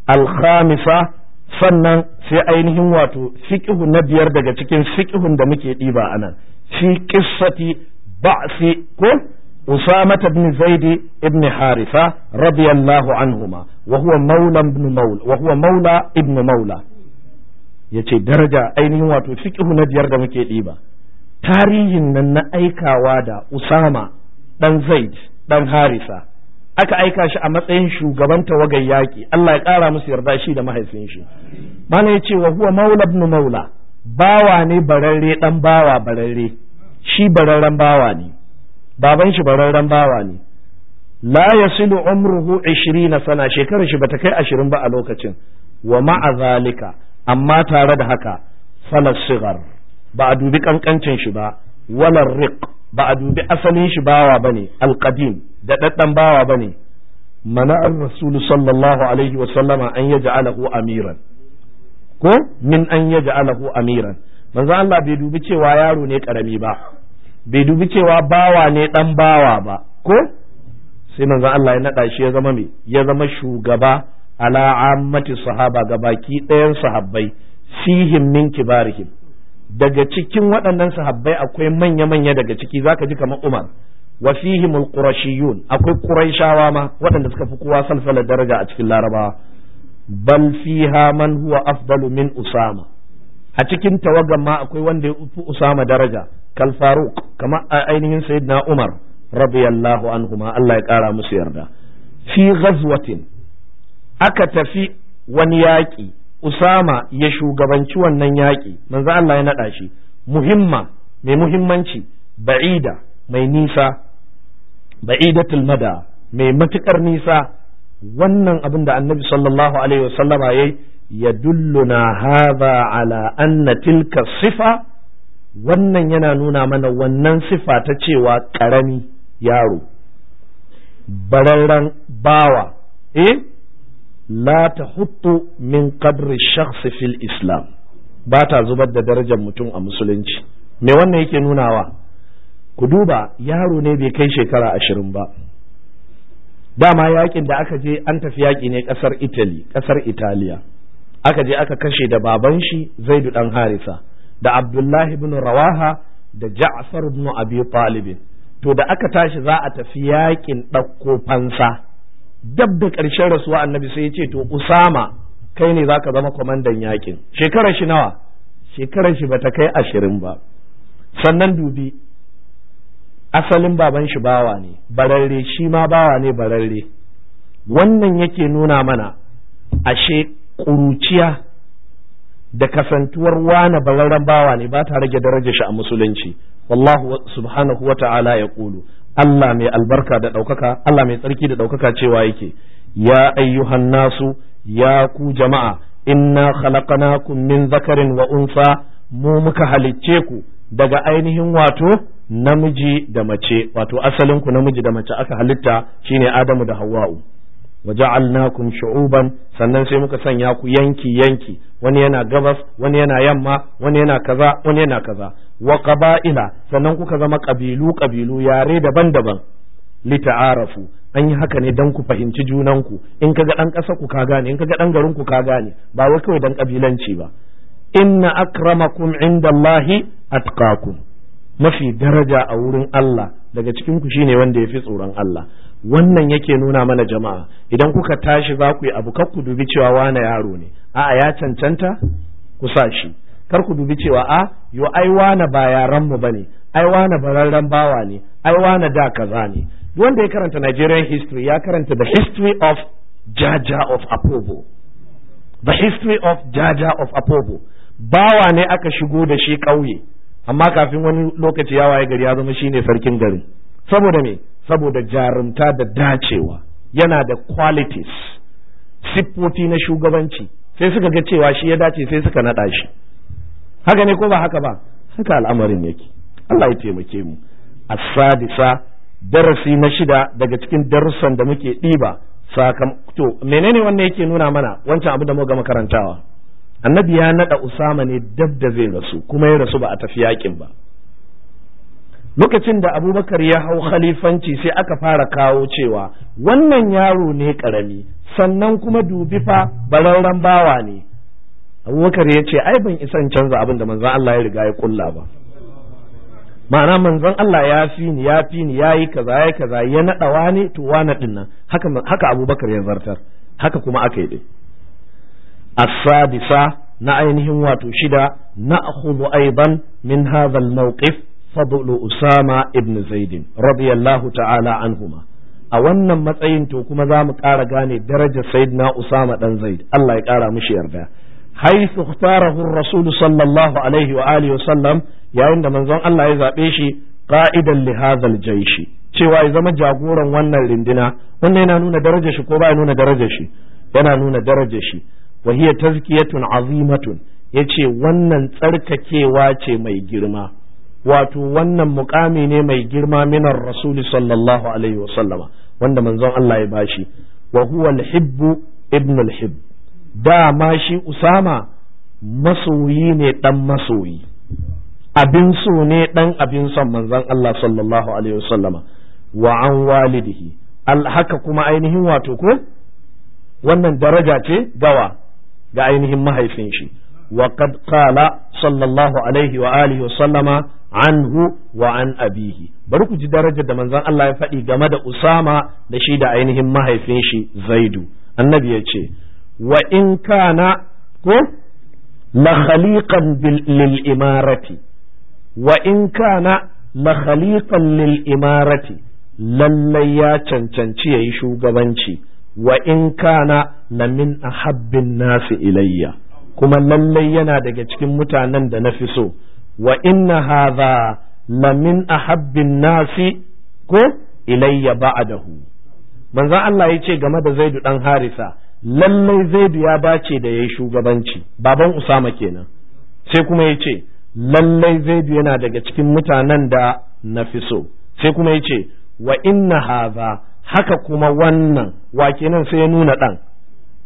Alkhamisa sannan sai ainihin wato fiƙihu na biyar daga cikin fiƙihun da muke ɗiba a nan fi ƙissati ba'si ko أسامة ta زيد بن Ibn Harisa. الله عنهما maula مولى Maula Ibn Maula. yace daraja ainihin wato fiqhu na biyar da muke ɗiba tarihin nan na aikawa da Usama dan Zaid dan Harisa aka aika shi a matsayin shugaban tawagar yaƙi Allah ya ƙara musu yarda shi da mahaifin shi mana ya ce wa huwa maula ibn maula bawa ne bararre dan bawa bararre shi bararren bawa ne baban shi bararren bawa ne la yasilu umruhu 20 sana shekarar shi bata kai ashirin ba a lokacin wa ma'a zalika amma tare da haka falar shigar ba a dubi kankancin shi ba walar riq ba a dubi asalin shi bawa bane alqadim da daddan bawa bane mana an rasul sallallahu alaihi wa sallama an yaj'alahu amiran ko min an yaj'alahu amiran manzo Allah bai dubi cewa yaro ne karami ba bai dubi cewa bawa ne dan bawa ba ko sai manzo Allah ya nada shi ya zama me ya zama shugaba ala ammati sahaba ga baki ɗayan sahabbai fihim min kibarihim daga cikin waɗannan sahabbai akwai manya-manya daga ciki zaka ji kamar Umar wa fihim al akwai quraishawa ma waɗanda suka fi kowa salsala daraja a cikin larabawa bal fiha man huwa afdalu min usama a cikin tawagan ma akwai wanda ya fi usama daraja kal faruq a ainihin sayyidina umar radiyallahu anhu ma Allah ya kara musu yarda fi ghazwatin aka tafi wani yaƙi usama ya shugabanci wannan yaƙi manzo Allah ya naɗa shi muhimma mai muhimmanci ba'ida mai nisa ba'idatul mada mai matukar nisa wannan abin da annabi sallallahu alaihi wasallama yayi yadulluna hadha ala anna tilka sifa wannan yana nuna mana wannan sifa ta cewa karami yaro bararren bawa eh la ta hutu min qadri shakhsi fil islam ba ta zubar da darajar mutum a musulunci me wannan yake nunawa ku duba yaro ne bai kai shekara ashirin ba dama yakin da aka je an tafi yaki ne kasar italy kasar italiya aka je aka kashe da baban shi zaidu dan harisa da abdullahi ibn rawaha da ja'far ibn abi talib to da aka tashi za a tafi yakin ɗauko fansa dab da ƙarshen rasuwa annabi sai ya ce to usama kai ne za ka zama kwamandan yakin shekarar shi nawa shekarar shi bata kai ashirin ba sannan dubi asalin baban shi bawa ne bararre shi ma bawa ne bararre wannan yake nuna mana ashe ƙuruciya da kasantuwar wane bararren bawa ne ba ta rage darajar shi a musulunci wallahu subhanahu wa ta'ala ya ƙulu Allah mai albarka da ɗaukaka Allah mai tsarki da ɗaukaka cewa yake ya ayyuhan nasu ya ku jama'a inna ku min zakarin wa unsa mu muka halicce ku daga ainihin wato namiji da mace wato asalinku namiji da mace aka halitta shine Adamu da Hawwa'u waja'alnakum shu'uban sannan sai muka sanya ku yanki yanki wani yana gabas wani yana yamma wani yana kaza wani yana kaza wa qaba'ila sannan kuka zama kabilu kabilu yare daban-daban lita'arafu an yi haka ne dan ku fahimci junan ku in kaga dan kasa ku ka gane in kaga dan garin ku ka gane ba wai kawai dan kabilanci ba inna akramakum indallahi atqakum mafi daraja a wurin Allah daga cikin ku shine wanda yafi tsoron Allah wannan yake nuna mana jama'a idan kuka tashi za ku yi abu kar ku dubi cewa wane yaro ne a'a ya cancanta ku sa shi kar ku dubi cewa a yo ai wane ba yaran mu bane ai wane bararren bawa ne ai wane da kaza ne wanda ya karanta Nigerian history ya karanta the history of Jaja of Apobo the history of Jaja of Apobo bawa ne aka shigo da shi ƙauye amma kafin wani lokaci ya waye gari ya zama shine sarkin garin saboda me saboda jarumta da dacewa yana da qualities siffofi na shugabanci sai suka ga cewa shi ya dace sai suka naɗa shi haka ne ko ba haka ba haka al'amarin yake Allah ya taimake mu as-sadisa darasi na shida daga cikin darussan da muke ɗiba sakam to menene wannan yake nuna mana wancan abu da muka makarantawa annabi ya naɗa usama ne dab da zai rasu kuma ya rasu ba a tafi yakin ba lokacin da abubakar ya hau khalifanci sai aka fara kawo cewa wannan yaro ne karami sannan kuma dubi fa bararren bawa ne abubakar ya ce ai ban isan canza abin da manzon Allah ya riga ya kulla ba ma'ana manzon Allah ya fi ni ya fi ni yayi kaza yayi kaza ya nada wani to wani din nan haka haka abubakar ya zartar haka kuma aka yi din as-sadisa na ainihin wato shida na akhudhu aidan min hadha al-mawqif fadlu usama ibn zaidin radiyallahu ta'ala anhuma a wannan matsayin to kuma zamu kara ƙara gane darajar sayyidina usama dan zaid Allah ya ƙara mishi yarda حيث اختاره الرسول صلى الله عليه وآله وسلم yayin da manzon Allah ya zaɓe shi ka'idan li hadhal jaishi cewa ya zama jagoran wannan rindina wannan yana nuna darajar shi ko ba ya nuna darajar shi yana nuna daraja shi wa hiya tazkiyatun azimatun yace wannan tsarkakewa ce mai girma wato wannan mukami ne mai girma minar rasuli sallallahu alaihi wasallama wanda manzon Allah ya bashi wa huwa al-hibbu ibn al-hibb dama shi usama masoyi ne dan masoyi abin so ne dan abin son manzon Allah sallallahu alaihi wasallama wa an walidihi haka kuma ainihin wato ko wannan daraja ce gawa ga ainihin mahaifin shi وقد قال صلى الله عليه وآله وسلم anhu wa an abihi bari ku ji darajar da manzon Allah ya faɗi game da Usama da shi da ainihin mahaifin shi Zaidu annabi ya ce wa in kana lilimarati. la khaliqan lil imarati lallai ya cancanci yayi shugabanci wa'inkana in kana la min ahabbin nasi ilayya kuma lallai yana daga cikin mutanen da na fi so wa inna hadha lamin ahabbin nasi ko ilayya ba'dahu manzon Allah ya ce game da Zaidu dan Harisa lallai Zaidu ya bace da yayi shugabanci baban Usama kenan sai kuma ya ce lallai Zaidu yana daga cikin mutanen da na fi so sai kuma ya ce wa inna hadha haka kuma wannan wa kenan sai ya nuna dan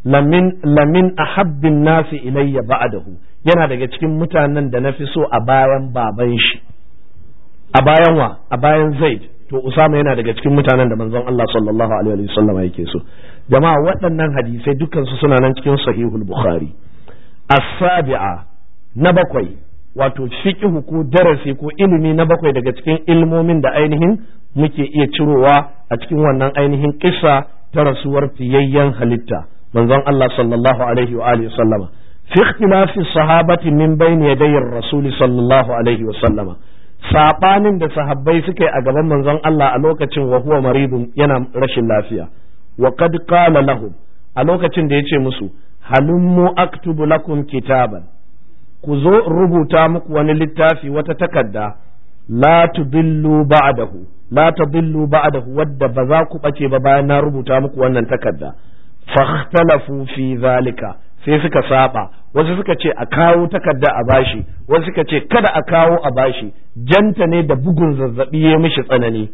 lamin lamin ahabbin nasi ilayya ba'dahu yana daga cikin mutanen da na fi so a bayan baban shi a bayan wa a bayan zaid to usama yana daga cikin mutanen da manzon Allah sallallahu alaihi sallam yake so jama'a waɗannan hadisai dukkan su suna nan cikin sahihul bukhari as-sabi'a na bakwai wato fiqhu ko darasi ko ilimi na bakwai daga cikin ilmomin da ainihin muke iya cirowa a cikin wannan ainihin kissa ta rasuwar fiyayyen halitta manzon Allah sallallahu alaihi wa alihi sallama fi ikhtilafi sahabati min bayni yadayi rasul sallallahu alaihi wa sallama sabanin da sahabbai suke a gaban manzon Allah a lokacin wa huwa maridun yana rashin lafiya wa qad qala lahum a lokacin da yace musu halummu aktubu lakum kitaban ku zo rubuta muku wani littafi wata takarda la tudillu ba'dahu la tudillu ba'dahu wadda ba za ku bace ba bayan na rubuta muku wannan takarda fahtalafu fi zalika sai suka saba wasu suka ce a kawo takarda a bashi wasu suka ce kada a kawo a bashi janta ne da bugun zazzabi ya mishi tsanani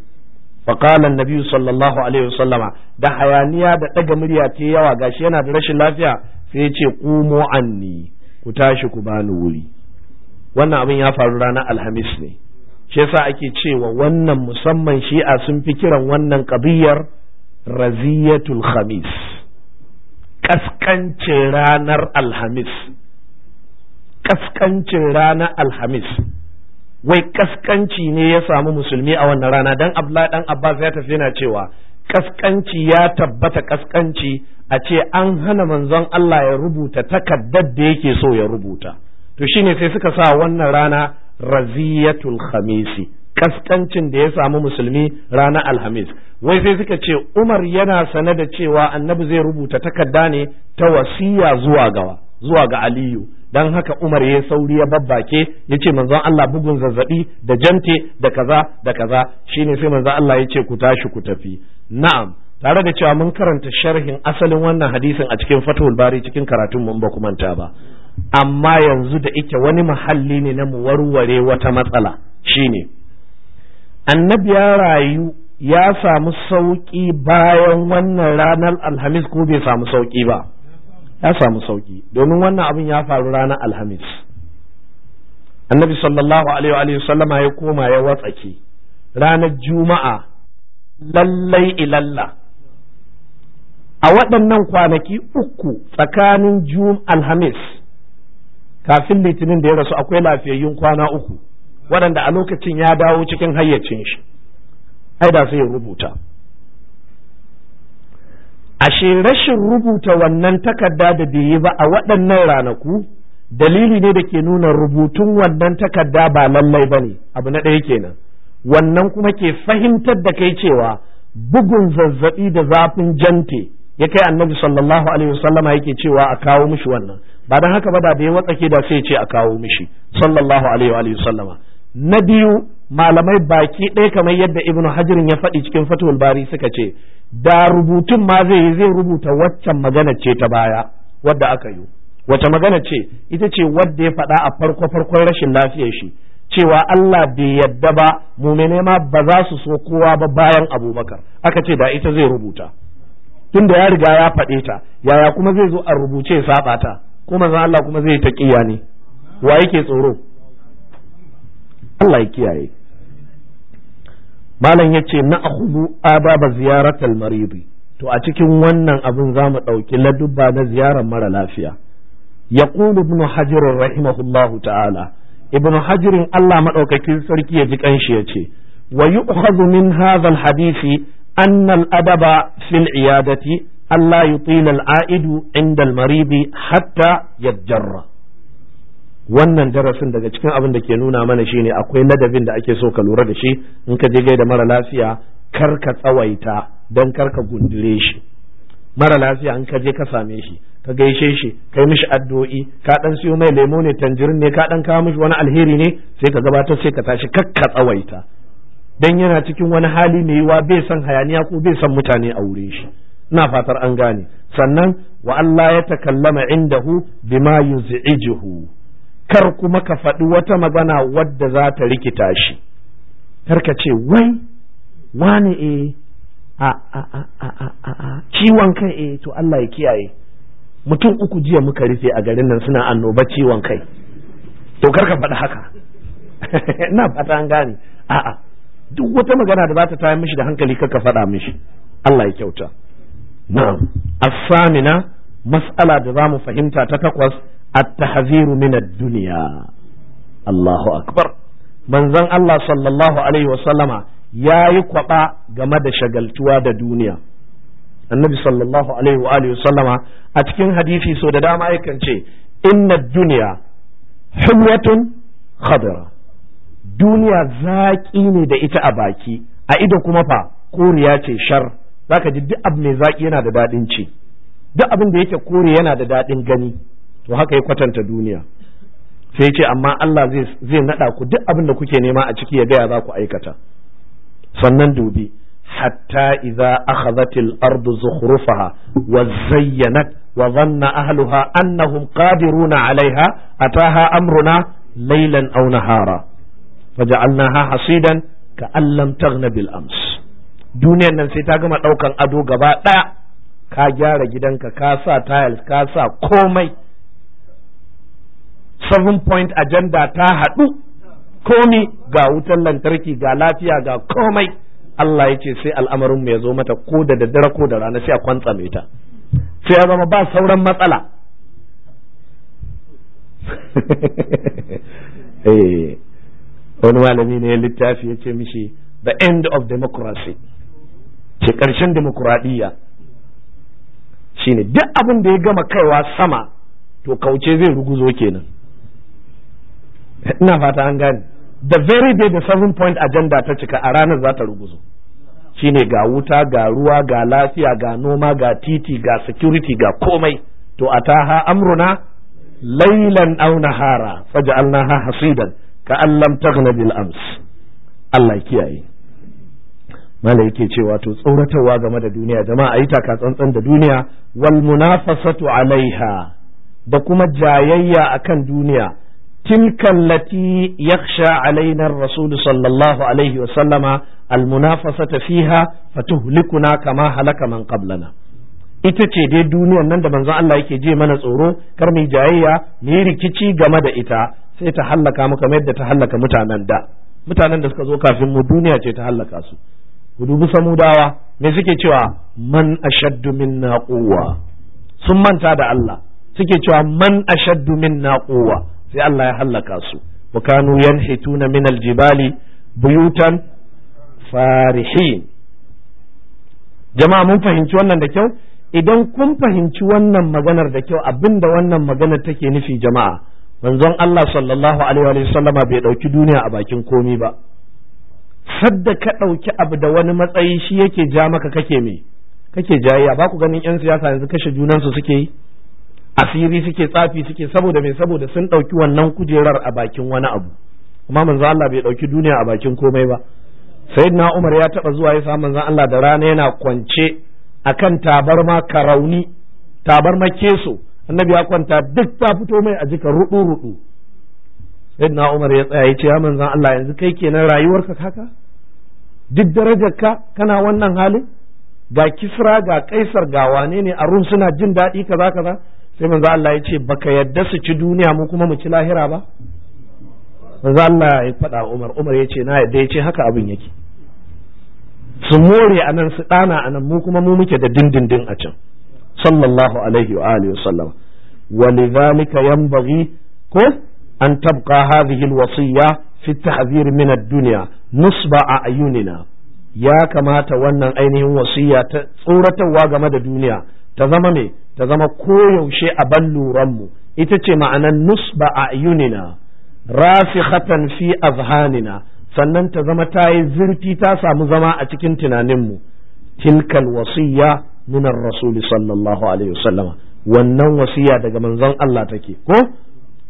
فقال Nabiyu sallallahu alaihi wasallama da hayaniya da ɗaga murya ta yawa gashi yana da rashin lafiya sai ce qumu anni ku tashi ku bani wuri wannan abin ya faru ranar alhamis ne shi yasa ake cewa wannan musamman shi'a sun fi kiran wannan ƙabiyar raziyatul khamis kaskancin ranar alhamis kaskancin ranar alhamis wai kaskanci ne ya samu musulmi a wannan rana dan abdullahi dan abbas ya tafi yana cewa kaskanci ya tabbata kaskanci a ce an hana manzon Allah ya rubuta takaddar da yake so ya rubuta to shine sai suka sa wannan rana raziyatul khamisi kaskancin da ya samu musulmi ranar alhamis wai sai suka ce umar yana sane da cewa annabi zai rubuta takarda ne ta wasiya zuwa gawa zuwa ga aliyu dan haka umar ya sauri ya babbake ya ce manzon Allah bugun zazzabi da jante da kaza da kaza shine sai manzon Allah ya ce ku tashi ku tafi na'am tare da cewa mun karanta sharhin asalin wannan hadisin a cikin fatul bari cikin karatun mun ba manta ba amma yanzu da ike wani muhalli ne na mu warware wata matsala shine annabi ya rayu ya samu sauƙi bayan wannan ranar alhamis ko bai samu sauƙi ba ya samu sauƙi domin wannan abin ya faru ranar alhamis annabi sallallahu alaihi wa sallama ya koma ya watsake ranar juma'a lallai ilalla a waɗannan kwanaki uku tsakanin jum alhamis kafin litinin da ya rasu akwai lafiyayyun kwana uku waɗanda a lokacin ya dawo cikin hayyacin shi ai da sai ya rubuta ashe rashin rubuta wannan takarda da bai yi ba a waɗannan ranaku dalili ne da ke nuna rubutun wannan takarda ba lallai ba ne abu na ɗaya kenan wannan kuma ke fahimtar da kai cewa bugun zazzabi da zafin jante ya kai annabi sallallahu alaihi wasallama yake cewa a kawo mishi wannan ba don haka ba da ya watsake da sai ce a kawo mishi sallallahu alaihi wasallama na biyu malamai baki ɗaya kamar yadda ibnu hajirin ya faɗi cikin fatul bari suka ce da rubutun ma zai yi zai rubuta waccan magana ce ta baya wadda aka yi wace magana ce ita ce wadda ya faɗa a farko farkon rashin lafiyar shi cewa Allah bai yadda ba mumene ma ba za su so kowa ba bayan abubakar aka ce da ita zai rubuta tunda ya riga ya faɗe ta yaya kuma zai zo a rubuce saɓa ta Kuma zan Allah kuma zai ta ƙiya ne wa yake tsoro Allah ya kiyaye malam yace na akhudu ababa ziyaratal maridi to a cikin wannan abin za mu ɗauki ladubba na ziyarar mara lafiya ya ibn hajar rahimahullahu ta'ala ibn hajirin Allah maɗaukakin sarki ya ji shi ya ce wa yu'khadhu min hadha hadisi annal al-adaba fil iyadati alla yutina aidu inda al-maridi hatta yatjarra wannan darasin daga cikin abin da ke nuna mana shine akwai ladabin da ake so ka lura da shi in ka je gaida mara lafiya kar ka tsawaita don kar ka gundure shi mara lafiya in ka je ka same shi ka gaishe shi kai mishi addu'o'i ka dan siyo mai lemo ne tanjirin ne ka dan kawo mishi wani alheri ne sai ka gabatar sai ka tashi kar ka tsawaita dan yana cikin wani hali mai yiwa bai san hayaniya ko bai san mutane a wurin shi ina fatar an gane sannan wa Allah ya takallama indahu bima yuz'ijuhu kar kuma ka faɗi wata magana wadda za ta rikita shi kar ka ce wai wani e eh, a a a ciwon kai e to Allah ya kiyaye mutum uku jiya muka rufe a garin nan suna annoba ciwon kai to kar ka faɗi haka ina fata an gane a duk wata magana da za ta tayar mishi da hankali kar ka faɗa mishi Allah ya kyauta na'am as-samina mas'ala da za mu fahimta ta takwas التحذير من الدنيا الله أكبر من زن الله صلى الله عليه وسلم يا يقطع جمد شغلتوا دا دنيا النبي صلى الله عليه وآله وسلم أتكين حديثي سودا داما يكن إن الدنيا حلوة خضرة duniya zaƙi ne da ita a baki a ido kuma fa koriya ce shar zaka ji duk abu mai zaƙi yana da daɗin ci duk abin da yake kore yana da daɗin gani to haka ya kwatanta duniya sai ce amma Allah zai naɗa ku duk abin da kuke nema a ciki ya gaya za ku aikata sannan dubi hatta idza akhadhatil ardu zukhrufaha wa zayyanat wa dhanna ahluha annahum qadiruna 'alayha ataha amruna laylan aw nahara faja'alnaha hasidan ka'an lam taghna bil ams duniyan nan sai ta gama daukan ado gaba daya ka gyara gidanka ka sa tiles ka sa komai seven point agenda ta haɗu komi ga wutan lantarki ga lafiya ga komai Allah ya sai al'amarin mu ya zo mata ko da daddare ko da rana sai a kwantsa mai ta sai ya zama ba sauran matsala eh, wani malami ne littafi ya ce mishi the end of democracy ce ƙarshen demokuraɗiyya shine duk abin da ya gama kaiwa sama to kauce zai ruguzo kenan ina fata an gane the very day the seven point agenda ta cika a ranar za ta ruguzo shine ga wuta ga ruwa ga lafiya ga noma ga titi ga security ga komai to a ha amruna lailan au nahara ha hasidan ka allam tagna bil ams Allah kiyaye malai yake cewa to tsoratarwa game da duniya jama'a ayi taka tsantsan da duniya wal munafasatu alaiha da kuma jayayya akan duniya تلك التي يخشى علينا الرسول صلى الله عليه وسلم المنافسة فيها فتهلكنا كما هلك من قبلنا ita ce dai duniyar nan da manzon Allah yake je mana tsoro kar mu jayayya mu rikici game da ita sai ta hallaka mu kamar yadda ta hallaka mutanen da mutanen da suka zo kafin mu duniya ce ta hallaka su ku dubi samudawa me suke cewa man ashaddu minna quwwa sun manta da Allah suke cewa man ashaddu minna quwwa sai Allah ya hallaka su wa kanu yanhituna min aljibali buyutan farihin jama'a mun fahimci wannan da kyau idan kun fahimci wannan maganar da kyau abinda wannan maganar take nufi jama'a manzon Allah sallallahu alaihi wa sallama bai dauki duniya a bakin komi ba sadda ka dauki abu da wani matsayi shi yake ja maka kake me kake jayayya ba ku ganin yan siyasa yanzu kashe junansu suke yi asiri suke tsafi suke saboda mai saboda sun ɗauki wannan kujerar a bakin wani abu kuma manzo Allah bai ɗauki duniya a bakin komai ba sayyidina Umar ya taɓa zuwa ya samu manzo Allah da rana yana kwance akan tabarma karauni tabarma keso annabi ya kwanta duk ta fito mai a jika rudu rudu sayyidina Umar ya tsaya ya ce ya manzo Allah yanzu kai kenan rayuwarka haka duk darajarka kana wannan halin ga kisra ga kaisar ga wane ne a rum suna jin daɗi kaza kaza sai manzo Allah ya ce baka yadda su ci duniya mu kuma mu ci lahira ba manzo Allah ya faɗa Umar Umar ya ce na yadda ya ce haka abin yake su more a nan su ɗana a nan mu kuma mu muke da dindindin a can sallallahu alaihi wa alihi wasallam ولذلك ينبغي أن تبقى هذه الوصية في التحذير من الدنيا a ayunina ya kamata wannan ainihin wasiya ta tsoratarwa game da duniya ta zama me ta zama koyaushe a ban luranmu ita ce ma'anan nusba a yunina rafikhatan fi azhanina sannan ta zama ta yi zurfi ta samu zama a cikin tunaninmu tilkal wasiya min rasuli sallallahu alaihi wasallama wannan wasiya daga manzon Allah take ko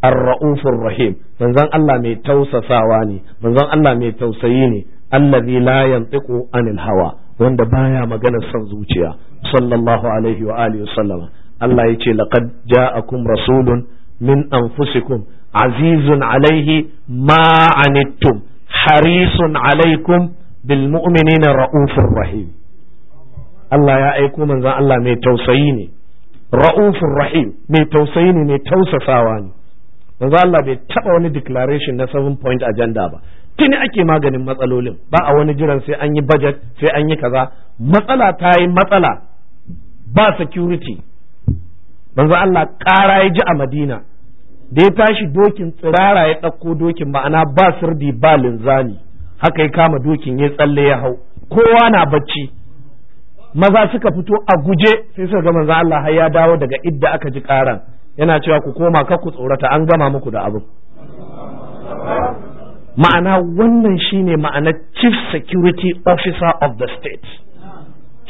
ar-ra'ufur rahim manzon Allah mai tausasawa ne manzon Allah mai tausayi ne allazi la yantiqu anil hawa wanda baya magana son zuciya sallallahu alaihi wa alihi wasallam Allah ya ce laqad ja'akum rasulun min anfusikum azizun alaihi ma harisun alaikum bil mu'minina raufur Allah ya aiko manzon Allah mai tausayi ne ra'ufur rahim mai tausayi ne mai tausasawa ne manzo Allah bai taɓa wani declaration na seven point agenda ba tuni ake maganin matsalolin ba a wani jiran sai an yi budget sai an kaza matsala tayi matsala ba security manzo Allah ƙara ya ji a Madina da ya tashi dokin tsirara ya ɗauko dokin ma'ana ba sirdi ba linzani haka ya kama dokin ya tsalle ya hau kowa na bacci maza suka fito a guje sai suka ga manzo Allah har ya dawo daga idda aka ji karan yana cewa ku koma ka ku tsorata an gama muku da abu ma'ana wannan shine ma'ana chief security officer of the state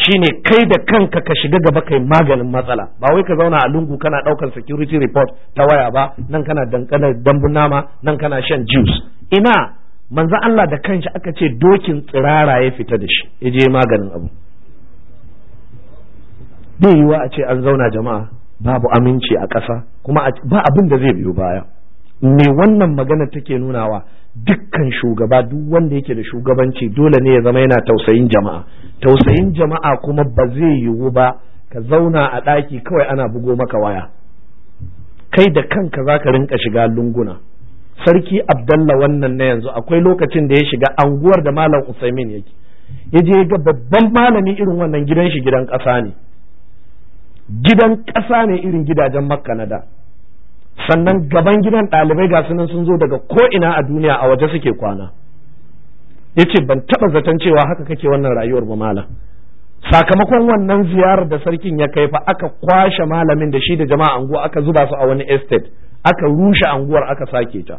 shine kai da kanka ka shiga gaba kai maganin matsala ba wai ka zauna a lungu kana daukar security report ta waya ba nan kana dankana dambun nama nan kana shan juice ina manzo Allah da kanshi aka ce dokin tsirara ya fita da shi ya je maganin abu bai yiwa a ce an zauna jama'a babu aminci a ƙasa kuma ba abin da zai biyo baya me wannan magana take nunawa dukkan shugaba duk wanda yake da shugabanci dole ne ya zama yana tausayin jama'a tausayin jama'a kuma ba zai yiwu ba ka zauna a ɗaki kawai ana bugo maka waya kai da kanka za ka rinka shiga lunguna sarki abdallah wannan na yanzu akwai lokacin da ya shiga anguwar da malam usaimin yake ya je ga babban malami irin wannan gidan shi gidan ƙasa ne gidan ƙasa ne irin gidajen makka na da sannan gaban gidan ɗalibai ga sunan sun zo daga ko ina a duniya a waje suke kwana Ya ce ban taɓa zaton cewa haka kake wannan rayuwar ba malam sakamakon wannan ziyarar da sarkin ya kai fa aka kwashe malamin da shi da jama'a anguwa aka zuba su a wani estate aka rushe anguwar aka sake ta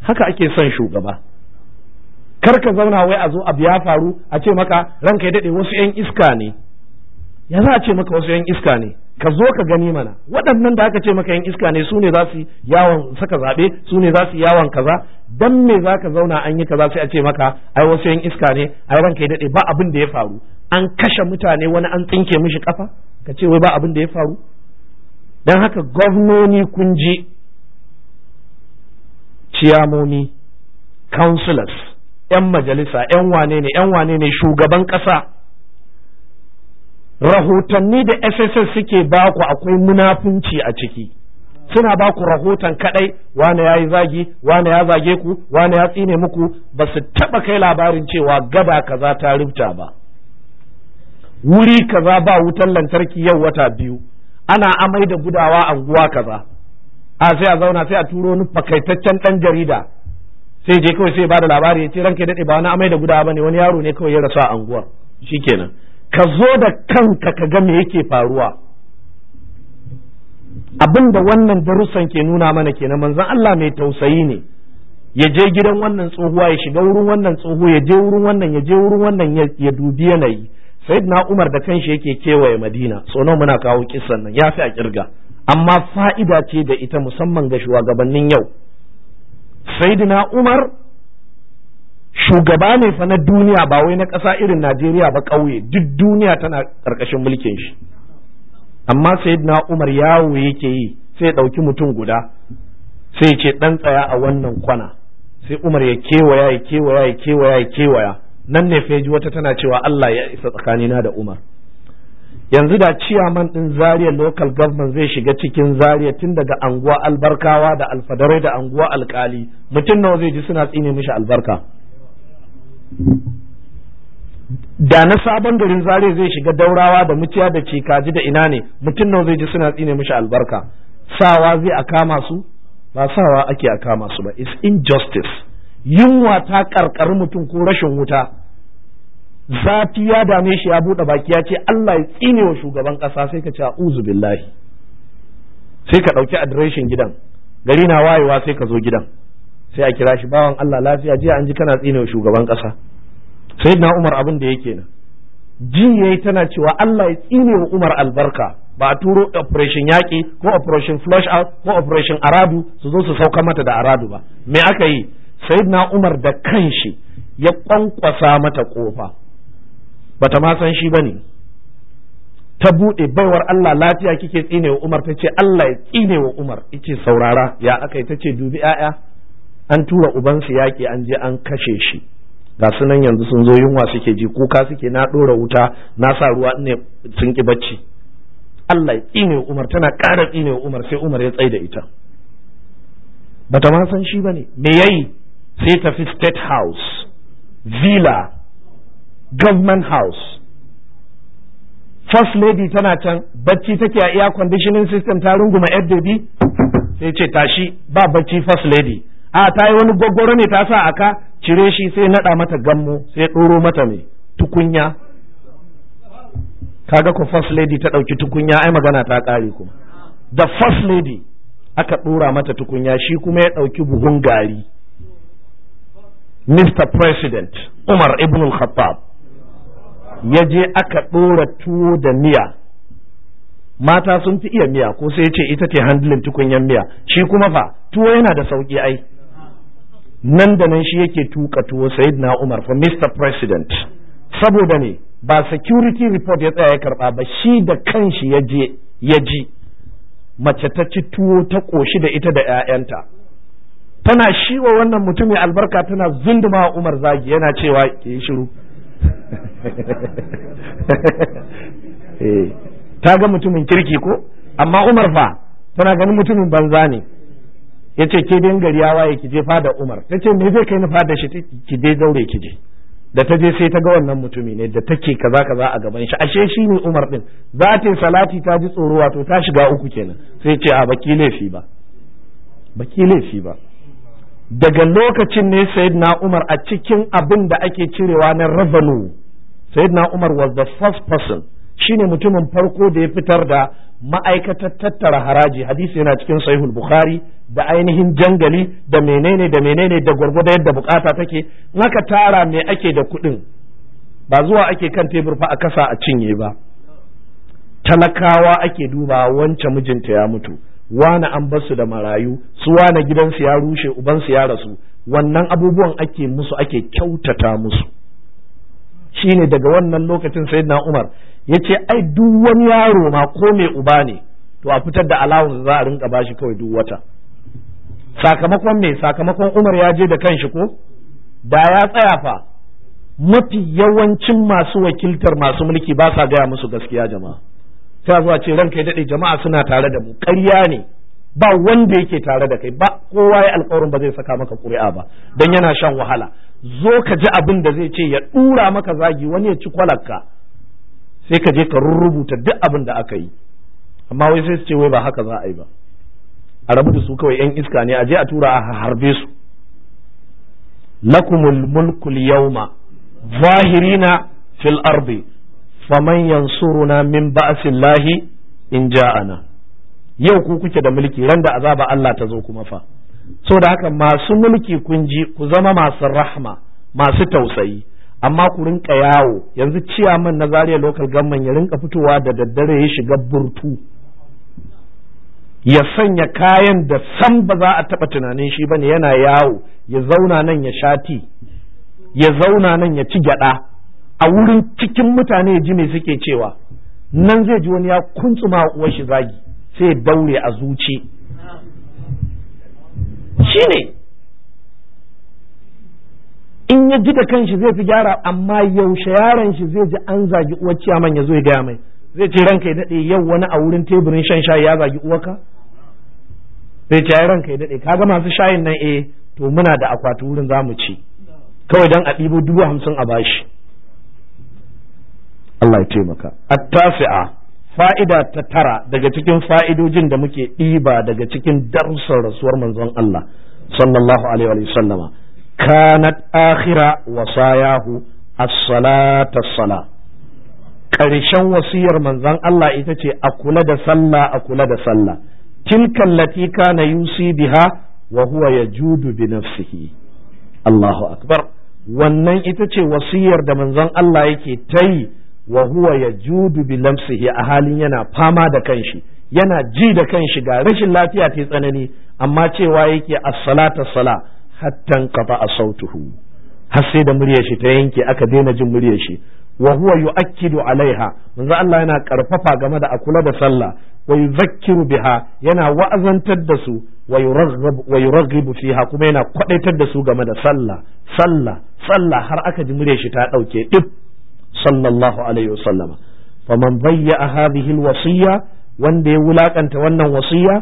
haka ake son shugaba kar ka zauna wai a zo abu ya faru a ce maka ranka ya daɗe wasu yan iska ne ya za a ce maka wasu yan iska ne ka zo ka gani mana waɗannan da aka ce maka yan iska ne su ne za su yawon saka zaɓe su ne za su yawon kaza don me za ka zauna an yi kaza sai a ce maka ai wasu yan iska ne ai ranka yi daɗe ba abin da ya faru an kashe mutane wani an tsinke mishi kafa ka ce wai ba abin da ya faru don haka gwamnoni kun ji ciyamomi councillors 'yan majalisa 'yan wane ne 'yan wane ne shugaban ƙasa rahotanni da SSS suke ba ku akwai munafunci a ciki suna ba ku rahoton kadai wane ya yi zagi wane ya zage ku wane ya tsine muku ba su taba kai labarin cewa gaba kaza ta rubuta ba wuri kaza ba wutan lantarki yau wata biyu ana amai da gudawa anguwa kaza a sai a zauna sai a turo ni fakaitaccen dan jarida sai je kawai sai ba da labari ya ce ranka dade ba wani amai da gudawa bane wani yaro ne kawai ya rasa anguwar shikenan ka zo da kanka ka ga me yake faruwa abinda wannan darussan ke nuna mana kenan manzon Allah mai tausayi ne ya je gidan wannan tsohuwa ya shiga wurin wannan tsoho ya je wurin wannan ya je wurin wannan ya dubi yanayi sayyidina Umar da kanshi yake kewaye Madina tsono muna kawo kissan nan yafi a kirga amma fa'ida ce da ita musamman ga shugabannin yau sayyidina Umar shugaba ne fa na duniya ba wai na ƙasa irin Najeriya ba ƙauye duk duniya tana ƙarƙashin mulkin shi amma sayyidina Umar yawo yake yi sai ya ɗauki mutum guda sai ce ɗan tsaya a wannan kwana sai Umar ya kewaya ya kewaya ya kewaya ya kewaya nan ne fa ji wata tana cewa Allah ya isa tsakanina da Umar yanzu da ciyaman ɗin Zaria local government zai shiga cikin Zaria tun daga anguwa albarkawa da alfadarai da anguwa alkali mutum nawa zai ji suna tsine mishi albarka da na sabon garin zare zai shiga daurawa da muciya da cikaji da ina ne mutum nawa zai ji suna tsine mishi albarka sawa zai a kama su ba sawa ake a kama su ba is injustice yunwa ta karkari mutum ko rashin wuta zafi ya dame shi ya buɗe baki ya ce Allah ya tsine wa shugaban ƙasa sai ka ce uzu billahi sai ka ɗauki adireshin gidan gari na wayewa sai ka zo gidan sai a kira shi bawan Allah lafiya jiya an ji kana tsinewa shugaban kasa sayyidina Umar abin da yake nan jin yayi tana cewa Allah ya tsinewa Umar albarka ba a turo operation yaƙi ko operation flush out ko operation aradu su zo su sauka mata da aradu ba me aka yi sayyidina Umar da kanshi ya kwankwasa mata kofa bata ma san shi bane ta buɗe baiwar Allah lafiya kike tsinewa wa Umar tace Allah ya tsinewa Umar yace saurara ya aka yi tace dubi 'ya'ya an tura ubansu yaƙi an je an kashe shi ga sunan yanzu sun zo yunwa suke ji kuka suke na ɗora wuta na sa ruwa ne sun ki bacci Allah ya tsine Umar tana ƙara tsine Umar sai Umar ya tsaida ita bata ma san shi bane me yayi sai tafi state house villa government house first lady tana can bacci take a air conditioning system ta runguma yadda bi sai ce tashi ba bacci first lady a ta yi wani gwaggwaro ne ta sa aka cire shi sai naɗa mata gammo sai ɗoro mata mai tukunya kaga ko first lady ta ɗauki tukunya ai magana ta ƙare kuma da first lady aka ɗora mata tukunya shi kuma ya ɗauki buhun gari Mr. President Umar Ibn Khattab ya je aka ɗora tuwo da miya mata sun fi iya miya ko sai ce ita ce handling tukunyan miya shi kuma fa tuwo yana da sauƙi ai nan da nan shi yake tuka tuwo na umar fa mr president saboda ne ba security report ya tsaya ya karba ba shi da kanshi ya je ya ji mace ta ci tuwo ta koshi da ita da 'ya'yanta tana shiwa wannan mutumin albarka tana zunduma umar zagi yana cewa ke shiru eh, ta ga mutumin kirki ko amma umar fa tana ganin mutumin banza ne yace ke din gari ya waye ki je fada Umar ta ce me zai kai ni fada shi ki je daure ki je da ta je sai ta ga wannan mutumi ne da take kaza kaza a gaban shi ashe shi ne Umar din za ta salati ta ji tsoro wato ta shiga uku kenan sai ce a baki laifi ba baki laifi ba daga lokacin ne sayyidina Umar a cikin abin da ake cirewa na rabanu sayyidina Umar was the first person shine mutumin farko da ya fitar da ma'aikatar tattara haraji hadisi yana cikin sahihul bukhari da ainihin jangali da menene da menene da gwargwada yadda bukata take naka tara me ake da kuɗin ba zuwa ake kan tebur fa a kasa a cinye ba talakawa ake duba wance mijinta ya mutu Wani an basu da marayu su wani gidansu ya rushe ubansu ya rasu wannan abubuwan ake musu ake kyautata musu shine daga wannan lokacin na Umar yace ai duk wani yaro ma ko mai uba ne to a fitar da allowance za a rinka bashi kawai duk wata sakamakon me sakamakon Umar ya je da kanshi ko da ya tsaya fa mafi yawancin masu wakiltar masu mulki ba sa gaya musu gaskiya jama'a ta zuwa ce ranka ya daɗe jama'a suna tare da mu ƙarya ne ba wanda yake tare da kai ba kowa ya alƙawarin ba zai saka maka ƙuri'a ba don yana shan wahala zo ka ji abin da zai ce ya ɗura maka zagi wani ya ci kwalakka sai ka je ka rubuta duk abin da aka yi amma wai sai su ce wai ba haka za a yi ba a rabu da su kawai yan iska ne a je a tura a harbe su lakumul mulkul yawma zahirina fil ardi faman yansuruna min ba'sillahi in ja'ana yau ku kuke da mulki randa azaba Allah ta zo kuma fa so da haka masu mulki kun ji ku zama masu rahma masu tausayi amma ku rinka yawo yanzu ciyaman na zariya lokal gamman ya rinka fitowa da daddare ya shiga burtu ya sanya kayan da san ba za a taba tunanin shi bane yana yawo ya zauna nan ya shati ya zauna nan ya ci gyada a wurin cikin mutane ji me suke cewa nan zai ji wani ya kuntsuma uwar shi zagi sai ya daure a zuci ne in ya ji da kanshi zai fi gyara amma yaushe yaron shi zai ji an zagi uwar ciyaman ya zo ya gaya mai zai ce ranka ya daɗe yau wani a wurin teburin shan shayi ya zagi uwarka zai ce ranka ya daɗe kaga masu shayin nan eh to muna da akwati wurin za mu ci kawai don a ɗibo dubu hamsin a bashi Allah ya taimaka at-tasi'a fa'ida ta tara daga cikin fa'idojin da muke ɗiba daga cikin darussan rasuwar manzon Allah sallallahu alaihi wa sallama kanat akhira wasayahu as-salata sala ƙarshen wasiyar manzon Allah ita ce a kula da sallah a kula da sallah tilkan lati kana yusi biha wa huwa yajudu bi nafsihi Allahu akbar wannan ita ce wasiyar da manzon Allah yake ta yi wa huwa yajudu bi lamsihi a halin yana fama da kanshi yana ji da kanshi ga rashin lafiya ta tsanani amma cewa yake as-salata sala hatta qata sautuhu har sai da muryar shi ta yanke aka daina jin muryar shi wa huwa yu'akkidu alaiha manzo Allah yana karfafa game da akula da sallah wa yuzakkiru biha yana wa'azantar da su wa yuraghibu fiha kuma yana kwadaitar da su game da sallah sallah sallah har aka ji muryar shi ta dauke duk صلى الله عليه وسلم فمن ضيع هذه الوصية وان دي ولاك أنت وانا وصية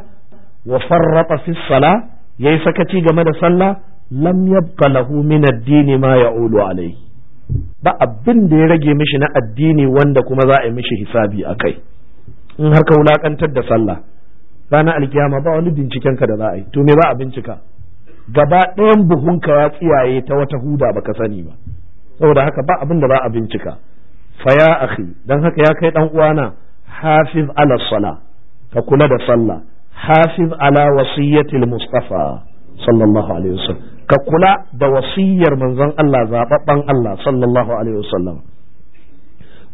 وفرط في الصلاة يسكتي جمد صلى lam yabqa lahu min addini ma ya'ulu alayhi ba abin da ya rage mishi na addini wanda kuma za a yi mishi hisabi a kai in har ka wulakantar da sallah ranar alkiyama ba wani binciken ka da za a yi to me ba a bincika gaba ɗayan buhunka ya tsiyaye ta wata huda baka sani ba saboda haka ba abin da ba a bincika fa ya akhi dan haka ya kai dan uwana hafiz ala sala ka kula da sallah hafiz ala wasiyatil mustafa sallallahu alaihi wasallam ka kula da wasiyyar manzon Allah zababban Allah sallallahu alaihi wasallam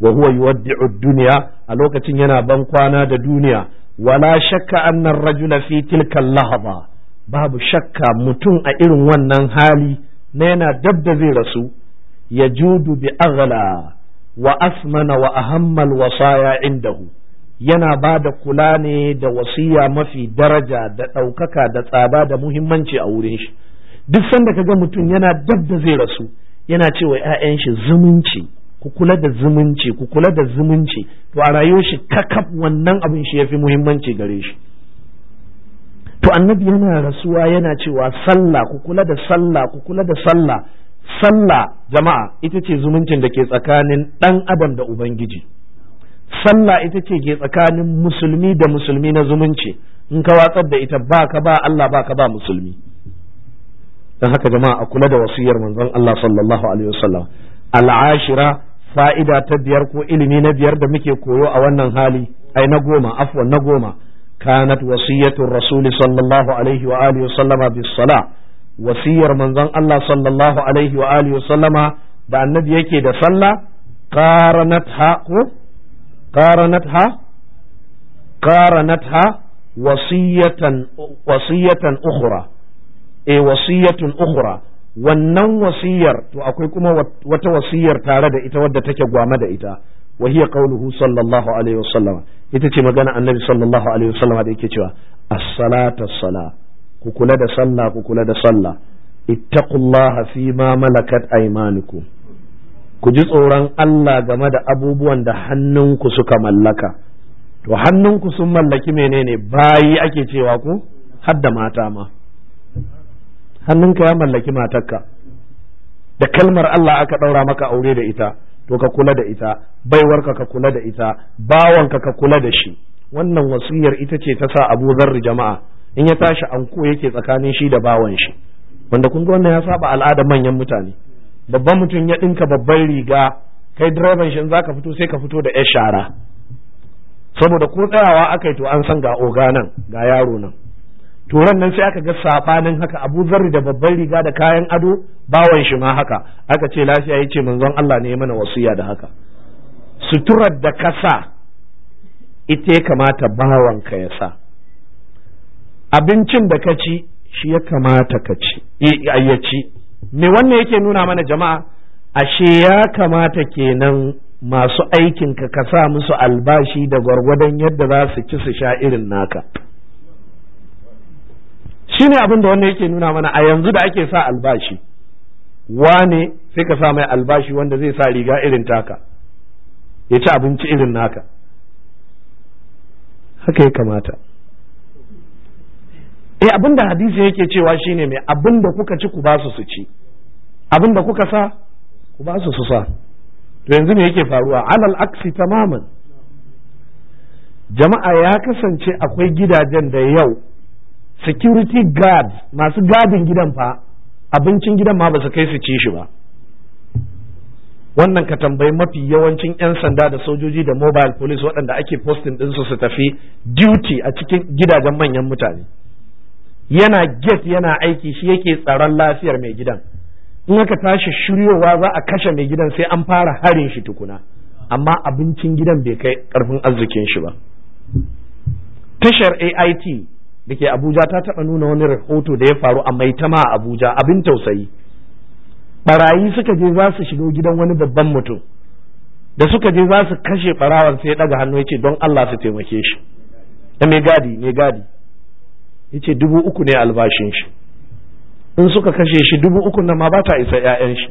wa huwa yuwaddi'u dunya a lokacin yana ban kwana da duniya wala shakka anna ar-rajula fi tilka lahaba babu shakka mutum a irin wannan hali na yana dab zai rasu ya judu bi aghla wa asmana wa ahammal wasaya indahu yana ba da kula ne da wasiya mafi daraja da ɗaukaka da tsaba da muhimmanci a wurin shi duk sanda ka ga mutum yana dab da zai rasu yana cewa 'ya'yan shi zumunci ku kula da zumunci ku kula da zumunci to a rayuwar shi kakaf wannan abin shi yafi muhimmanci gare shi to annabi yana rasuwa yana cewa sallah ku kula da sallah ku kula da sallah sallah jama'a ita ce zumuncin da ke tsakanin ɗan adam da ubangiji sallah ita ce ke tsakanin musulmi da musulmi na zumunci in ka watsar da ita ba ka ba Allah ba ka ba musulmi don haka jama'a a kula da wasiyar manzon Allah sallallahu alaihi wasallam al'ashira fa'ida ta biyar ko ilimi na biyar da muke koyo a wannan hali ai na goma afwan na goma kanat wasiyatu rasuli sallallahu alaihi wa alihi wasallama bis wasiyar manzon Allah sallallahu alaihi wa alihi sallama da annabi yake da sallah qaranatha ko qaranatha qaranatha wasiyatan wasiyatan ukhra eh wasiyatun ukhra wannan wasiyar to akwai kuma wata wasiyar tare da ita wadda take gwama da ita wa hiya qawluhu sallallahu alaihi ita ce magana annabi sallallahu alaihi da yake cewa as-salatu as ku kula da sallah ku kula da sallah ittaqullaha fi ma malakat aymanukum ku ji tsoron Allah game da abubuwan da hannunku suka mallaka to hannunku sun mallaki menene bayi ake cewa ku har mata ma hannunka ya mallaki matarka da kalmar Allah aka ɗaura maka aure da ita to ka kula da ita baiwarka ka kula da ita bawanka ka kula da shi wannan wasiyar ita ce ta sa Abu Zarri jama'a in ya tashi anko yake tsakanin shi da bawan shi wanda kun ga wannan ya saba al'adar manyan mutane babban mutum ya dinka babban riga kai direban shi zaka fito sai ka fito da yar shara saboda ko tsayawa aka yi to an san ga oga nan ga yaro nan turan nan sai aka ga sabanin haka Abu Zarri da babban riga da kayan ado bawan shi ma haka aka ce lafiya yace manzon Allah ne ya mana wasiya da haka suturar da kasa ita ya kamata bawanka ya sa abincin da ka ci shi ya kamata ka ci ayyaci me wannan yake nuna mana jama'a ashe ya kamata kenan masu aikin ka ka sa musu albashi da gwargwadon yadda za su ci su sha irin naka Shi ne abin da wannan yake nuna mana a yanzu da ake sa albashi wane sai ka sa mai albashi wanda zai sa riga irin taka ya ci abinci irin naka haka ya kamata eh abinda hadisi yake cewa shine mai abinda kuka ci ku ba su su ci abinda kuka sa ku ba su su sa to yanzu me yake faruwa alal aksi tamaman jama'a ya kasance akwai gidajen da yau security guards masu gadin gidan fa abincin gidan ma ba su kai su ci shi ba wannan ka tambayi mafi yawancin 'yan sanda da sojoji da mobile police waɗanda ake posting ɗinsu su tafi duty a cikin gidajen manyan mutane yana get yana aiki shi yake tsaron lafiyar mai gidan in aka tashi shiryowa za a kashe mai gidan sai an fara harin shi tukuna amma abincin gidan bai kai karfin arzikin shi ba tashar AIT da ke Abuja ta taɓa nuna wani rahoto da ya faru a Maitama a Abuja abin tausayi barayi suka je za su shigo gidan wani babban mutum da suka je za su kashe barawar sai ya daga hannu ya ce don Allah su taimake shi da mai gadi mai gadi ya ce dubu uku ne albashin shi in suka kashe shi dubu uku nan ma ba ta isa 'ya'yan shi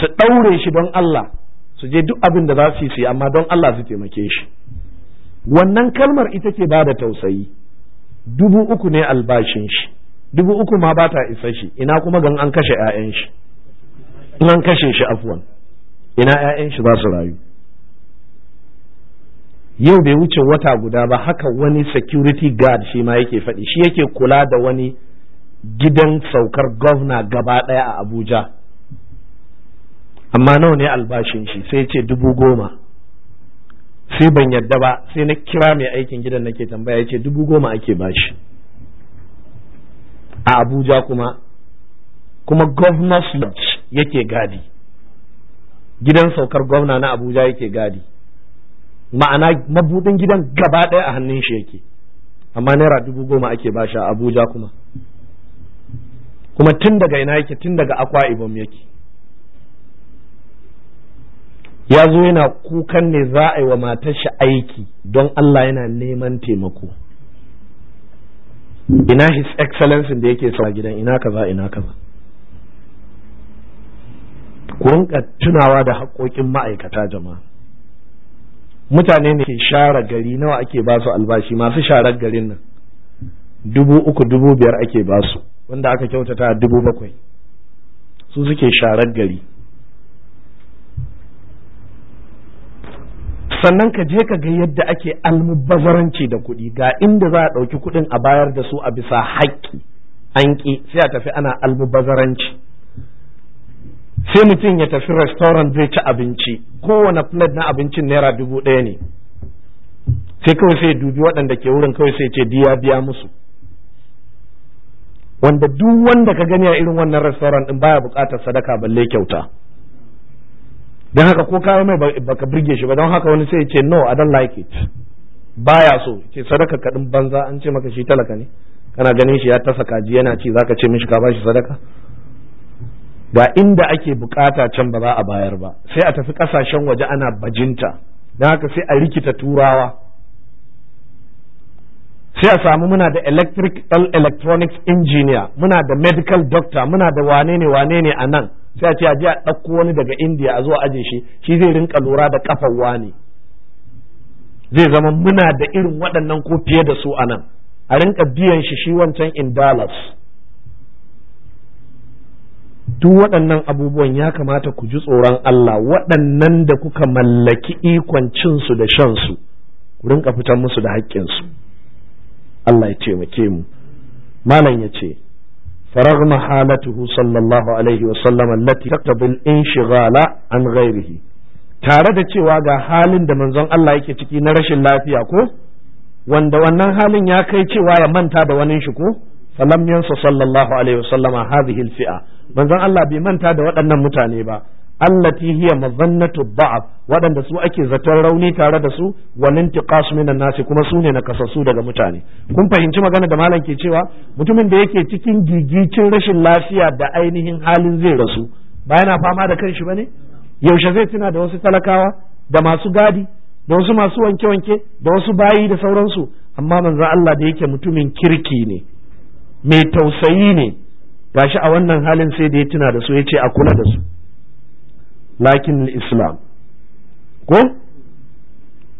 su ɗaure shi don Allah su je duk abin da za su yi amma don Allah su taimake shi wannan kalmar ita ke ba da tausayi dubu uku ne albashin shi dubu uku ma ba ta isa shi ina kuma gan an kashe 'ya'yan shi in an kashe shi afuwan ina 'ya'yan shi za su rayu yau bai wuce wata guda ba haka wani security guard shi ma yake faɗi shi yake kula da wani gidan saukar gwamna gaba ɗaya a abuja amma nawa ne albashin shi sai ce dubu goma sai ban yadda ba sai na kira mai aikin gidan nake tambaya ya ce dubu goma ake bashi a abuja kuma kuma governor's lodge yake gadi gidan saukar gwamna na abuja yake gadi ma'ana mabudin gidan gaba ɗaya a hannun shi yake amma naira dubu goma ake bashi a abuja kuma kuma tun daga ina yake tun daga akwa ibom yake ya zo yana kukan ne za a yi wa matar shi aiki don Allah yana neman taimako ina his excellence da yake sa gidan ina kaza ina kaza ku rinka tunawa da haƙoƙin ma'aikata jama'a mutane ne ke share gari nawa ake ba su albashi masu sharar garin nan dubu uku dubu biyar ake ba su wanda aka kyautata dubu bakwai su suke sharar gari sannan ka je ka ga yadda ake almubazaranci da kuɗi ga inda za a ɗauki kuɗin a bayar da su a bisa haƙƙi an ƙi sai a tafi ana almubazaranci sai mutum ya tafi restaurant zai ci abinci kowane plate na abincin naira dubu ɗaya ne sai kawai sai dubi waɗanda ke wurin kawai sai ce biya biya musu wanda duk wanda ka gani a irin wannan restaurant din baya buƙatar sadaka balle kyauta don haka ko kawo mai baka birge shi ba don haka wani sai ya ce no i don't like it baya so ce sadaka kaɗin banza an ce maka shi talaka ne kana ganin shi ya tasa kaji yana ci zaka ce mishi ka bashi sadaka ga inda ake bukata can ba za a bayar ba sai a tafi kasashen waje ana bajinta don haka sai a rikita turawa sai a samu muna da electric electronics engineer muna da medical doctor muna da wane ne wane ne a nan sai a ce a je a ɗauko wani daga india a zo aje shi shi zai rinka lura da kafan wani zai zama muna da irin waɗannan ko fiye da su a nan a rinka biyan shi shi wancan in dollars duk waɗannan abubuwan ya kamata ku ji tsoron Allah waɗannan da kuka mallaki ikon cinsu da shansu ku rinka fitan musu da haƙƙinsu Allah ya taimake mu malam ya ce فرغم halatuhu sallallahu alaihi wa sallam allati تقتضي الانشغال an ghairihi tare da cewa ga halin da manzon Allah yake ciki na rashin lafiya ko wanda wannan halin ya kai cewa ya manta da wani shi ko falam yansa sallallahu alaihi wasallama hadhihi alfi'a manzon Allah bai manta da waɗannan mutane ba allati hiya mazannatu ba'd waɗanda su ake zaton rauni tare da su wal intiqas minan nasi kuma su ne na kasasu daga mutane kun fahimci magana da malam ke cewa mutumin da yake cikin gigicin rashin lafiya da ainihin halin zai rasu ba yana fama da kanshi bane yaushe zai tuna da wasu talakawa da masu gadi da wasu masu wanke-wanke da wasu bayi da sauransu amma manzon Allah da yake mutumin kirki ne mai tausayi ne gashi a wannan halin sai da ya tuna da su ya ce a kula da su lakin islam ko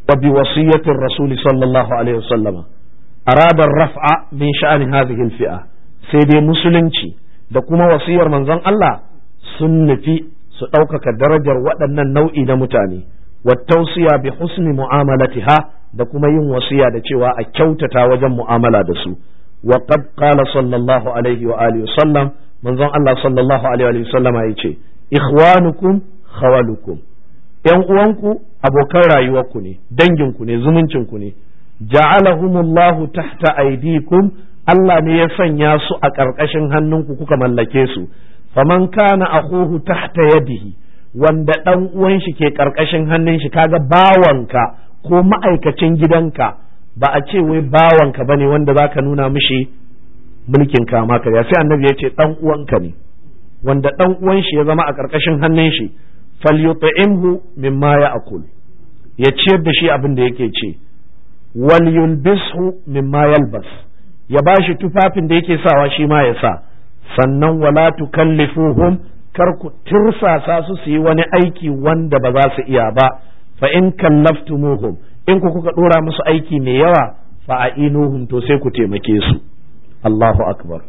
wa bi wasiyatin rasuli sallallahu alaihi wasallama arada raf'a min sha'ani hadhihi alfi'a sai dai musulunci da kuma wasiyar manzon Allah sun nufi su ɗaukaka darajar waɗannan nau'i na mutane tawsiya bi husni mu'amalatiha da kuma yin wasiya da cewa a kyautata wajen mu'amala da su wa ƙala qala sallallahu alaihi wa alihi wasallam manzon Allah sallallahu alaihi wa sallama yace ikhwanukum khawalukum yan uwanku abokan rayuwarku ne danginku ne zumuncinku ne ja'alahumullahu tahta aydikum Allah ne ya sanya su a ƙarƙashin hannunku kuka mallake su faman kana akhuhu tahta yadihi wanda ɗan uwan shi ke ƙarƙashin hannun shi kaga bawanka ko ma'aikacin gidanka ba a ce wai bawanka bane wanda zaka nuna mishi mulkin kama karya sai annabi ya ce dan uwanka ne wanda dan uwan shi ya zama a karkashin hannun shi falyut'imhu mimma ya'kul ya ciyar da shi abin da yake ce wal yulbishu mimma yalbas ya bashi tufafin da yake sawa shi ma ya sa sannan wala tukallifuhum kar ku tirsasa su su yi wani aiki wanda ba za su iya ba fa in kallaftumuhum in ku kuka ɗora musu aiki mai yawa fa a inuhun to sai ku taimake su Allahu akbar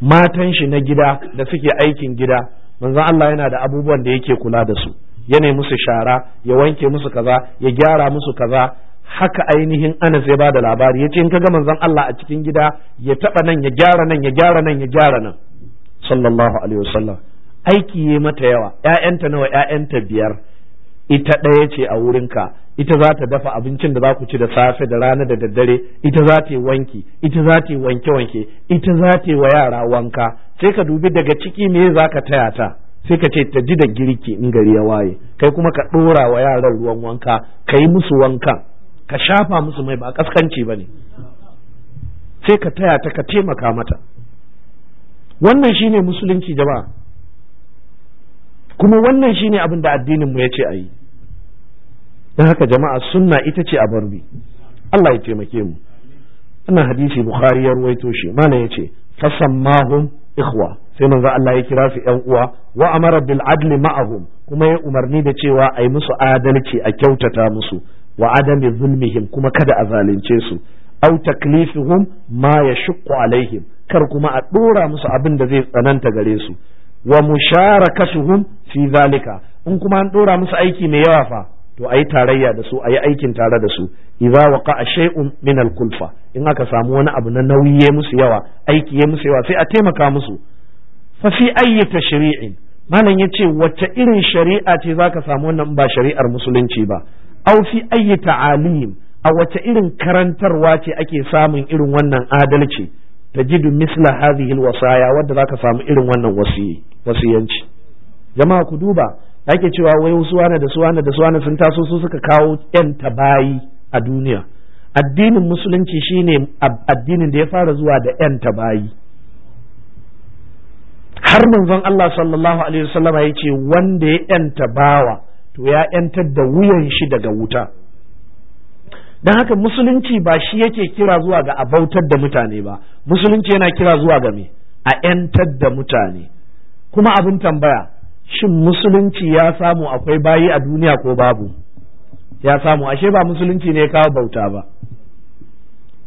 matan shi na gida da suke aikin gida manzon Allah yana da abubuwan da yake kula da su ya musu shara ya wanke musu kaza ya gyara musu kaza haka ainihin Anas ya bada labari yace in kaga manzon Allah a cikin gida ya taba nan ya gyara nan ya gyara nan ya gyara nan sallallahu alaihi wasallam aiki ya mata yawa ƴaƴanta nawa ƴaƴanta biyar ita ɗaya ce a wurinka ita za ta dafa abincin da za ku ci da safe da rana da daddare ita za ta yi wanki ita za ta yi wanke wanke ita za ta yi wa yara wanka sai ka dubi daga ciki me za ka taya ta sai ka ce ta ji da girki in gari ya waye kai kuma ka ɗora wa yaran ruwan wanka ka yi musu wanka ka shafa musu mai ba kaskanci ba ne sai ka taya ta ka taimaka mata wannan shine musulunci jama'a kuma wannan shine abin da addinin mu yace a yi don haka jama'a sunna ita ce a barbi Allah ya taimake mu wannan hadisi bukhari ya ruwaito shi malam yace fasammahum ikhwa sai manzo Allah ya kira su ƴan uwa wa amara bil adli ma'ahum kuma ya umarni da cewa ai musu adalci a kyautata musu wa adami zulmihim kuma kada a zalunce su au taklifihum ma yashqu alaihim kar kuma a dora musu abin da zai tsananta gare su wa musharakatuhum fi zalika in kuma an dora musu aiki mai yawa fa to ayi tarayya da su ayi aikin tare da su idza waqa shay'un min al-kulfa in aka samu wani abu na nauyi musu yawa aiki ya musu yawa sai a taimaka musu fa fi ayyi tashri'in malam yace wacce irin shari'a ce zaka samu wannan ba shari'ar musulunci ba aw fi ayyi ta'alim a wacce irin karantarwa ce ake samun irin wannan adalci tajidu misla hadhihi al-wasaya wadda zaka samu irin wannan wasiyi Wasu yanci. jama'a ku duba ake cewa wai wane da wane da wane sun taso su suka kawo yan tabayi a duniya addinin musulunci shine addinin da ya fara zuwa da yan tabayi har manzon Allah sallallahu alaihi wasallama ya ce wanda ya yanta bawa to ya yantar da wuyan shi daga wuta dan haka musulunci ba shi yake kira zuwa ga abautar da mutane ba musulunci yana kira zuwa ga me a yantar da mutane kuma abin tambaya shin musulunci ya samu akwai bayi a duniya ko babu ya samu ashe ba musulunci ne ya kawo bauta ba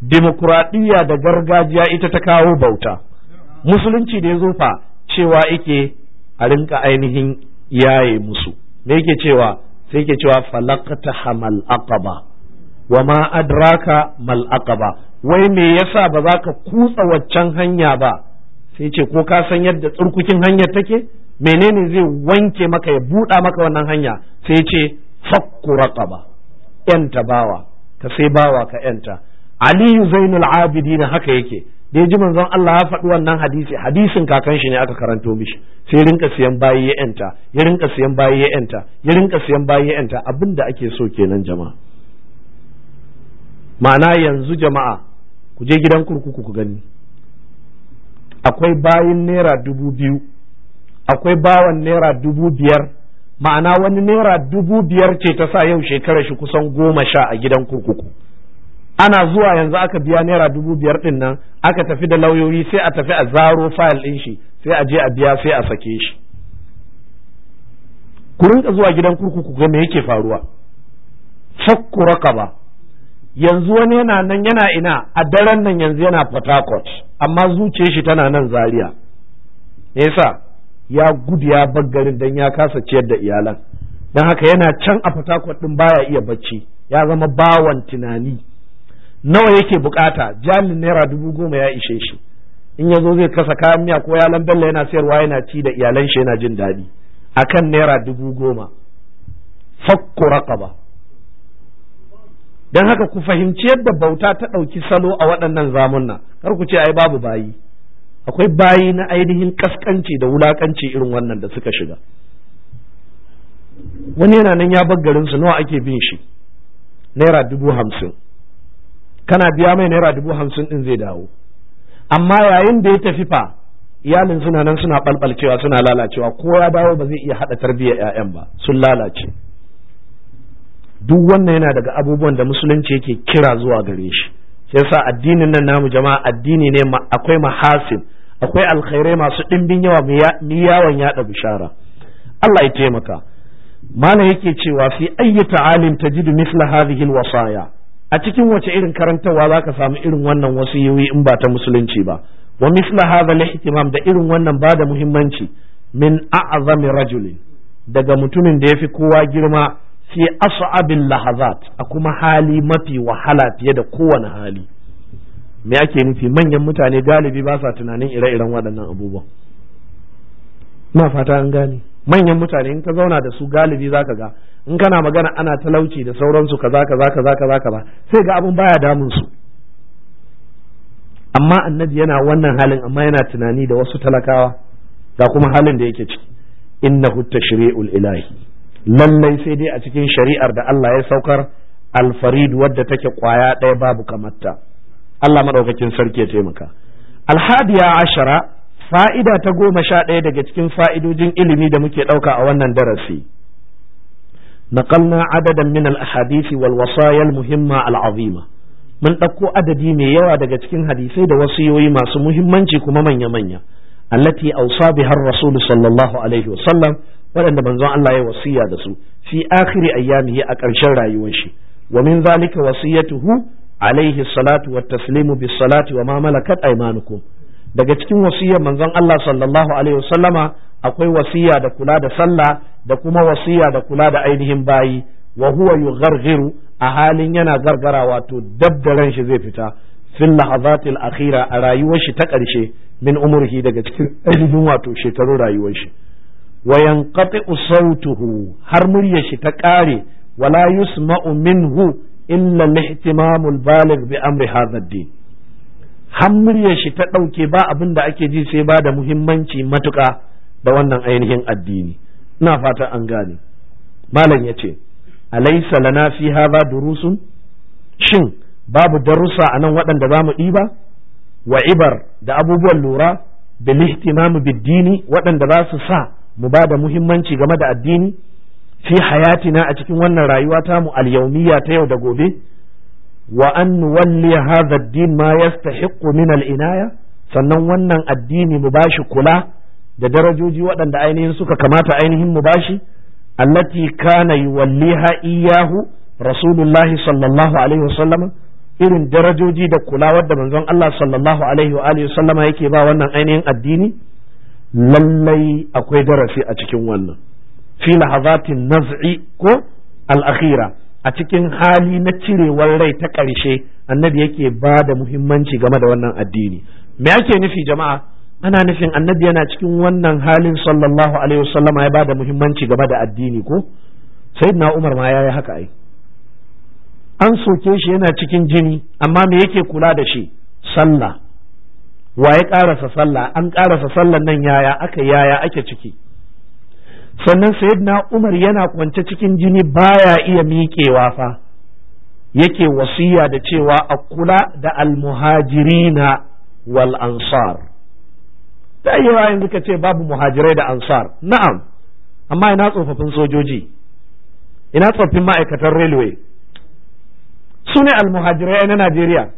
demokuraɗiyya da gargajiya ita ta kawo bauta musulunci da ya cewa ike a rinka ainihin yaye musu me yake cewa sai yake cewa falakta hamal aqaba wa ma adraka mal aqaba wai me yasa ba za ka kutsa waccan hanya ba sai ce ko ka san yadda tsurkukin hanyar take menene zai wanke maka ya buɗa maka wannan hanya sai ce fakku raqaba yanta bawa ka sai bawa ka yanta aliyu zainul abidin haka yake da ji manzon Allah ya faɗi wannan hadisi hadisin kakan shi ne aka karanto mishi sai rinka siyan bayi ya yanta ya rinka siyan bayi ya yanta ya rinka siyan bayi ya yanta abinda da ake so kenan jama'a ma'ana yanzu jama'a ku je gidan kurkuku ku gani akwai bayin naira dubu biyu akwai bawan naira dubu biyar ma'ana wani naira dubu biyar ce ta sa yau shekara shi kusan goma sha a gidan kurkuku ana zuwa yanzu aka biya naira dubu biyar din nan aka tafi da lauyoyi sai a tafi a zaro fayil din shi sai a je a biya sai a sake shi ku rinka zuwa gidan kurkuku ga me yake faruwa fakku ba. yanzu wani yana nan yana ina a daren nan yanzu yana Port amma zuciyar shi tana nan Zariya. me yasa ya gudu ya bar garin dan ya kasa ciyar da iyalan Don haka yana can a Port Harcourt din baya iya bacci ya zama bawan tunani nawa yake bukata jalin naira dubu goma ya ishe shi in ya zo zai kasa kayan miya ko yalan bello yana sayarwa yana ci da iyalan shi yana jin daɗi akan naira dubu goma fakku raqaba don haka ku fahimci yadda bauta ta ɗauki salo a waɗannan zamunna kar ku ce ai babu bayi akwai bayi na ainihin kaskanci da wulakanci irin wannan da suka shiga wani yana nan ya bar garin su nawa ake bin shi naira dubu hamsin kana biya mai naira dubu hamsin din zai dawo amma yayin da ya tafi fa iyalin suna nan suna ɓalɓalcewa suna lalacewa ko ya dawo ba zai iya haɗa tarbiyyar 'ya'yan ba sun lalace duk wannan yana daga abubuwan da musulunci yake kira zuwa gare shi sai sa addinin nan namu jama'a addini ne akwai mahasin akwai alkhairai masu dimbin yawa mi yawan yaɗa bishara Allah ya taimaka mana yake cewa fi ayyi ta'alim tajidu misla hadhihi alwasaya a cikin wace irin karantarwa zaka samu irin wannan wasiyoyi in ba ta musulunci ba wa misla hadha lihtimam da irin wannan ba da muhimmanci min a'zami rajuli daga mutumin da yafi kowa girma fi as'abil lahazat a kuma hali mafi wahala fiye da kowane hali me ake nufi manyan mutane galibi ba sa tunanin ire-iren waɗannan abubuwan ina fata an gane manyan mutane in ka zauna da su galibi zaka ga in kana magana ana talauci da sauransu kaza kaza kaza kaza kaza sai ga abin baya damun su amma annabi yana wannan halin amma yana tunani da wasu talakawa ga kuma halin da yake ciki innahu tashri'ul ilahi lallai sai dai a cikin shari'ar da Allah ya saukar alfarid wadda take kwaya ɗaya babu kamarta Allah maɗaukakin sarki ya taimaka alhadiya ashara fa'ida ta goma sha ɗaya daga cikin fa'idojin ilimi da muke ɗauka a wannan darasi نقلنا عددا من الأحاديث muhimma al العظيمة mun ɗauko adadi mai yawa daga cikin hadisai da wasiyoyi masu muhimmanci kuma manya-manya allati ausa bihar rasulu sallallahu alaihi waɗanda manzon Allah ya wasiya da su fi akhiri ayyamihi a ƙarshen rayuwar shi wa min zalika wasiyatuhu alaihi salatu wa taslimu bis salati wa ma malakat aymanukum daga cikin wasiyar manzon Allah sallallahu alaihi wasallama akwai wasiya da kula da sallah da kuma wasiya da kula da ainihin bayi wa huwa yugharghiru a halin yana gargara wato dab da ran shi zai fita fil lahazatil akhira a rayuwar shi ta ƙarshe min umurhi daga cikin ainihin wato shekarun rayuwar shi wa yanqati sautuhu har murya shi ta kare wala yusma'u minhu illa lihtimamul baligh bi amri hadha ad-din har murya shi ta ɗauke ba abin da ake ji sai ba da muhimmanci matuƙa da wannan ainihin addini ina fata an gane malam yace ce lana fi hadha durusun shin babu darussa a nan waɗanda za mu ɗiba wa ibar da abubuwan lura bil ihtimamu biddini waɗanda za su sa mu ba da muhimmanci game da addini fi hayatina a cikin wannan rayuwa ta mu al ta yau da gobe wa an nuwalli hadha ad-din ma yastahiqqu min al-inaya sannan wannan addini mu bashi kula da darajoji waɗanda ainihin suka kamata ainihin mu bashi allati kana yuwalliha iyyahu rasulullahi sallallahu alaihi wasallam irin darajoji da kula wadda manzon Allah sallallahu alaihi wa alihi wasallama yake ba wannan ainihin addini lallai akwai darasi a cikin wannan fi lahazatin naz'i ko akhira a cikin hali na cirewar rai ta ƙarshe annabi yake ba da muhimmanci game da wannan addini me ake nufi jama'a ana nufin annabi yana cikin wannan halin sallallahu alaihi wasallama ya ba da muhimmanci game da addini ko sayyidina umar ma ya yi haka ai an soke shi yana cikin jini amma me yake kula da shi sallah Wa waye karasa sallah an karasa sallan nan yaya aka yaya ake ciki sannan sayyidina umar yana kwance cikin jini baya iya miƙewa fa yake wasiya da cewa a kula da almuhajirina wal ansar da yawa yanzu ka ce babu muhajirai da ansar na'am amma ina tsofaffin sojoji ina tsofaffin ma'aikatan railway su ne almuhajirai na najeriya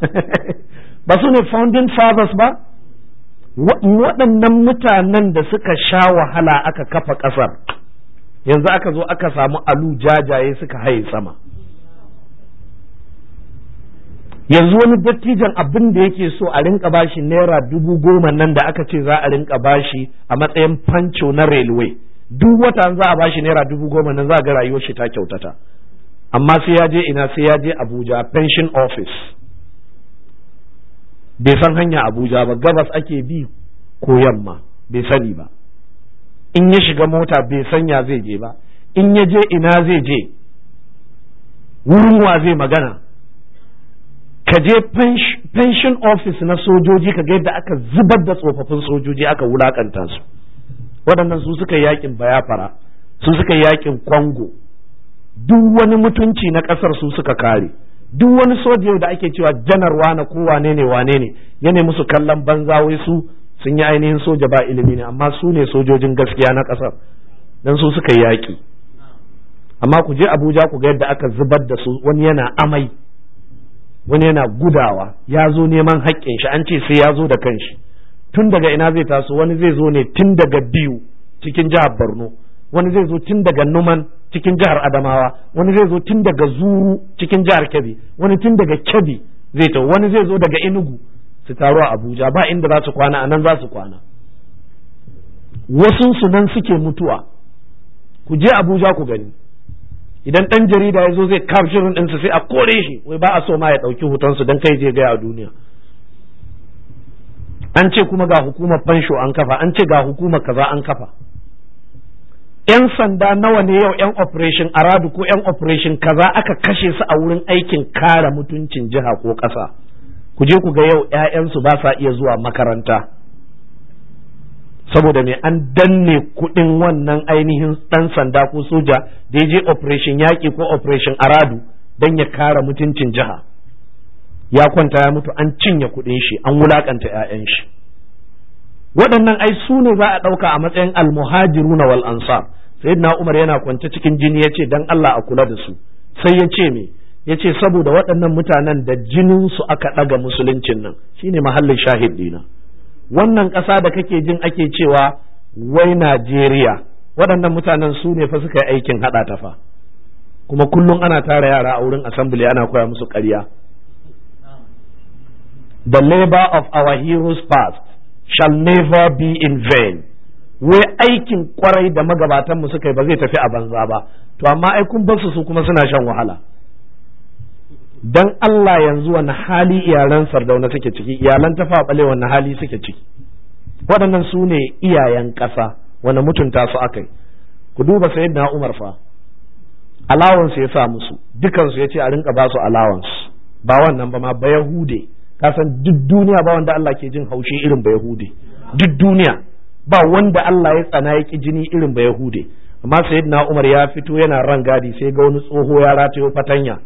ba su ne founding fathers ba waɗannan mutanen da suka sha wahala aka kafa ƙasar yanzu aka zo aka samu alu jajaye suka haye sama yanzu wani dattijan abin da yake so a rinka bashi naira dubu goma nan da aka ce za a rinka bashi a matsayin fanco na railway duk wata za a bashi naira dubu goma nan za a ga rayuwar shi ta kyautata amma sai ya je ina sai ya je abuja pension office bai san hanya abuja ba gabas ake bi ko yamma bai sani ba in ya shiga mota bai sanya zai je ba in ya je ina zai je wurin wa zai magana ka je pension office na sojoji ka ga yadda aka zubar da tsofaffin sojoji aka wulakanta su waɗannan su suka yakin bayafara su suka yakin kwango duk wani mutunci na ƙasar su suka kare duk wani yau da ake cewa janar wane ko wane ne wane ne ya ne musu kallon banza wai su sun yi ainihin soja ba ilimi ne amma su ne sojojin gaskiya na ƙasar dan su suka yi yaƙi amma ku je abuja ku ga yadda aka zubar da su wani yana amai wani yana gudawa ya zo neman haƙƙin shi an ce sai ya zo da kanshi tun daga ina zai taso wani zai zo ne tun daga biyu cikin jihar borno wani zai zo tun daga numan cikin jihar adamawa wani zai zo tun daga zuru cikin jihar kebbi wani tun daga kebbi zai tau wani zai zo daga Inugu su taro a abuja ba inda za su kwana a nan za su kwana wasu su nan suke mutuwa ku je abuja ku gani idan ɗan jarida ya zo zai kafshirin ɗinsu sai a kore shi wai ba a so ma ya ɗauki su don kai je gaya a duniya an ce kuma ga hukumar fansho an kafa an ce ga hukumar kaza an kafa 'yan sanda nawa ne yau 'yan operation aradu ko 'yan operation kaza aka kashe su a wurin aikin kare mutuncin jiha ko ƙasa ku je ku ga yau 'ya'yansu ba sa iya zuwa makaranta saboda mai an danne kuɗin wannan ainihin ɗan sanda ko soja da ya je operation yaƙi ko operation aradu don ya kare mutuncin jiha ya kwanta ya mutu an cinye kuɗin shi an wulaƙanta 'ya'yan shi waɗannan ai su ne za a ɗauka a matsayin almuhajiruna wal ansar sayyidina umar yana kwance cikin jini ya ce dan Allah a kula da su sai ya ce me ya ce saboda waɗannan mutanen da jinin su aka ɗaga musuluncin nan shine mahallin shahid dina wannan ƙasa da kake jin ake cewa wai Najeriya waɗannan mutanen su ne fa suka yi aikin haɗa ta fa kuma kullum ana tara yara a wurin assembly ana koya musu ƙarya the labor of our heroes past shall never be in vain wai aikin kwarai da magabatanmu suka yi ba zai tafi a banza ba to amma ai kun bar su kuma suna shan wahala dan Allah yanzu wani hali iyalan sardauna suke ciki iyalan tafa bale wani hali suke ciki waɗannan su ne iyayen ƙasa wani mutunta su akai ku duba sayyidina Umar fa alawansu ya sa musu dukansu ya ce a rinka ba su alawansu ba wannan ba ma ba yahude kasan duk duniya ba wanda Allah ke jin haushi irin ba yahude duk duniya ba wanda Allah ya tsana ya ki jini irin ba Yahude amma sayyidina Umar ya fito yana ran gadi sai ga wani tsoho ya ratayo fatanya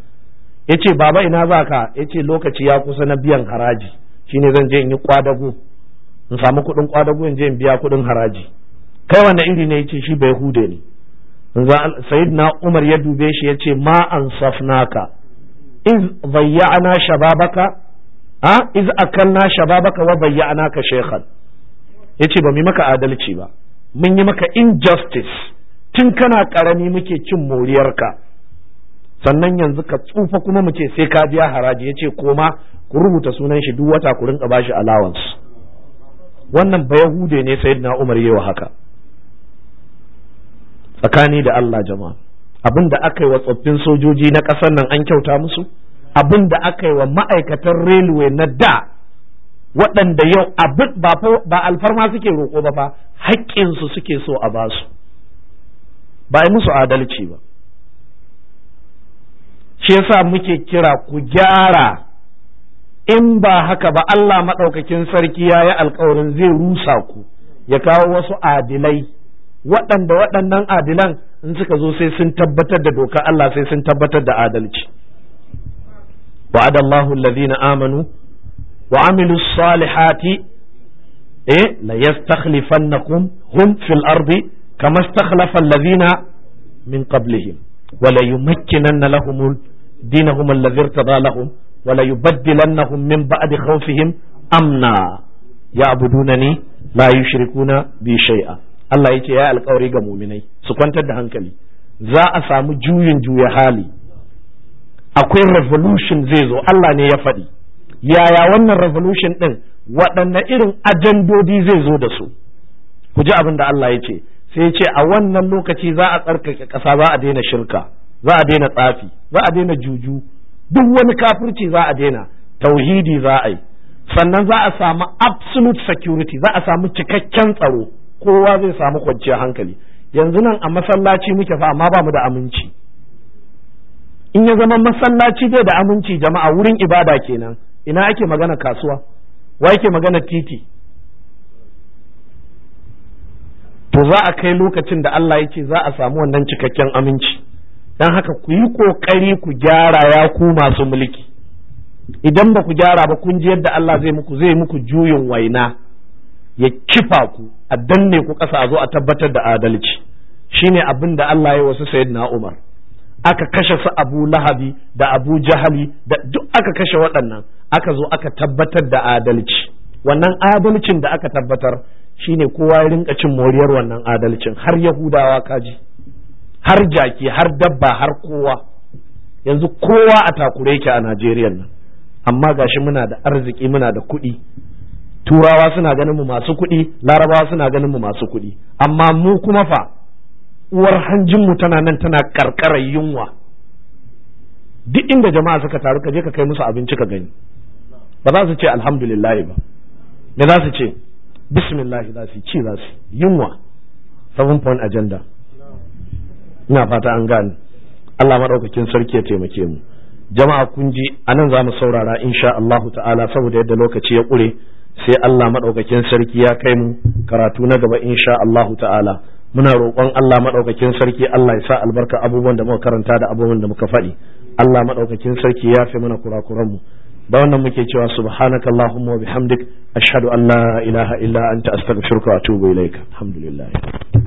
yace baba ina zaka yace lokaci ya kusa na biyan haraji shine zan je in yi kwadago in samu kuɗin kwadago in je in biya kuɗin haraji kai wanda iri ne yace shi ba Yahude ne sayyidina Umar ya dube shi yace ma ansafnaka iz bayyana shababaka a iz akanna shababaka wa bayyana ka shaykhan ya ce ba mu maka adalci ba mun yi maka injustice tun kana karami muke cin moriyarka sannan yanzu ka tsufa kuma mu sai ka biya haraji ya ce koma ku rubuta sunan shi duk wata ku rinka bashi allowance wannan ba yahude ne na umar yawa haka tsakani da Allah jama'a abin da aka yi wa tsoffin sojoji na ƙasar nan an kyauta musu abin da aka yi wa ma'aikatan railway na da waɗanda yau abin ba alfarma suke roƙo ba fa su suke so a basu ba yi musu adalci ba shi yasa muke kira ku gyara in ba haka ba Allah maɗaukakin sarki ya yi alkawarin zai rusa ku ya kawo wasu adilai waɗanda waɗannan adilan in suka zo sai sun tabbatar da doka Allah sai sun tabbatar da adalci wa'adallahu allazina amanu wa amilu salihati eh la yastakhlifannakum fil ardi kama istakhlafa alladhina min qablihim wa la yumakkinanna amna ya'budunani la yushrikuna Allah yake ya alƙawari ga muminai su kwantar da hankali za a samu juyin hali akwai zai zo Allah ne ya faɗi yaya wannan revolution ɗin waɗanne irin ajandodi zai zo da su ku ji abin da Allah ya ce sai ce a wannan lokaci za a tsarkake ƙasa za a daina shirka za a daina tsafi za a daina juju duk wani kafirci za a daina tauhidi za a yi sannan za a samu absolute security za a samu cikakken tsaro kowa zai samu kwanciyar hankali yanzu nan a masallaci muke fa amma ba mu da aminci in ya zama masallaci bai da aminci jama'a wurin ibada kenan ina ake magana kasuwa wa yake magana titi to za a kai lokacin da Allah ya ce za a samu wannan cikakken aminci don haka ku yi ƙoƙari ku gyara ya ku masu mulki idan ba ku gyara ba kun ji yadda Allah zai muku zai muku juyin waina ya kifa ku a danne ku ƙasa a zo a tabbatar da adalci shine abin da Allah ya wasu sayyidina Umar aka kashe su Abu Lahabi da Abu Jahali da duk aka kashe waɗannan aka zo aka tabbatar da adalci wannan adalcin da aka tabbatar shine kowa ya rinka cin moriyar wannan adalcin har yahudawa kaji har jaki har dabba har kowa yanzu kowa a takure yake a najeriya nan amma gashi muna da arziki muna da kuɗi turawa suna ganin mu masu kuɗi larabawa suna ganin mu masu kuɗi amma mu kuma fa uwar hanjinmu tana nan tana karkarar yunwa duk inda jama'a suka taru ka je ka kai musu abinci ka gani ba za su ce alhamdulillahi ba me za su ce bismillah za su ci za su yunwa seven point agenda ina fata an gane Allah maɗaukakin sarki ya taimake mu jama'a kun ji anan za mu saurara insha Allahu ta'ala saboda yadda lokaci ya ƙure sai Allah maɗaukakin sarki ya kai mu karatu na gaba insha Allahu ta'ala muna roƙon Allah maɗaukakin sarki Allah ya sa albarka abubuwan da muka karanta da abubuwan da muka faɗi Allah maɗaukakin sarki ya fi mana mu. ba wannan muke cewa subhanaka allahumma wa bihamdik ashhadu an la ilaha illa anta astaghfiruka wa atubu ilaik alhamdulillah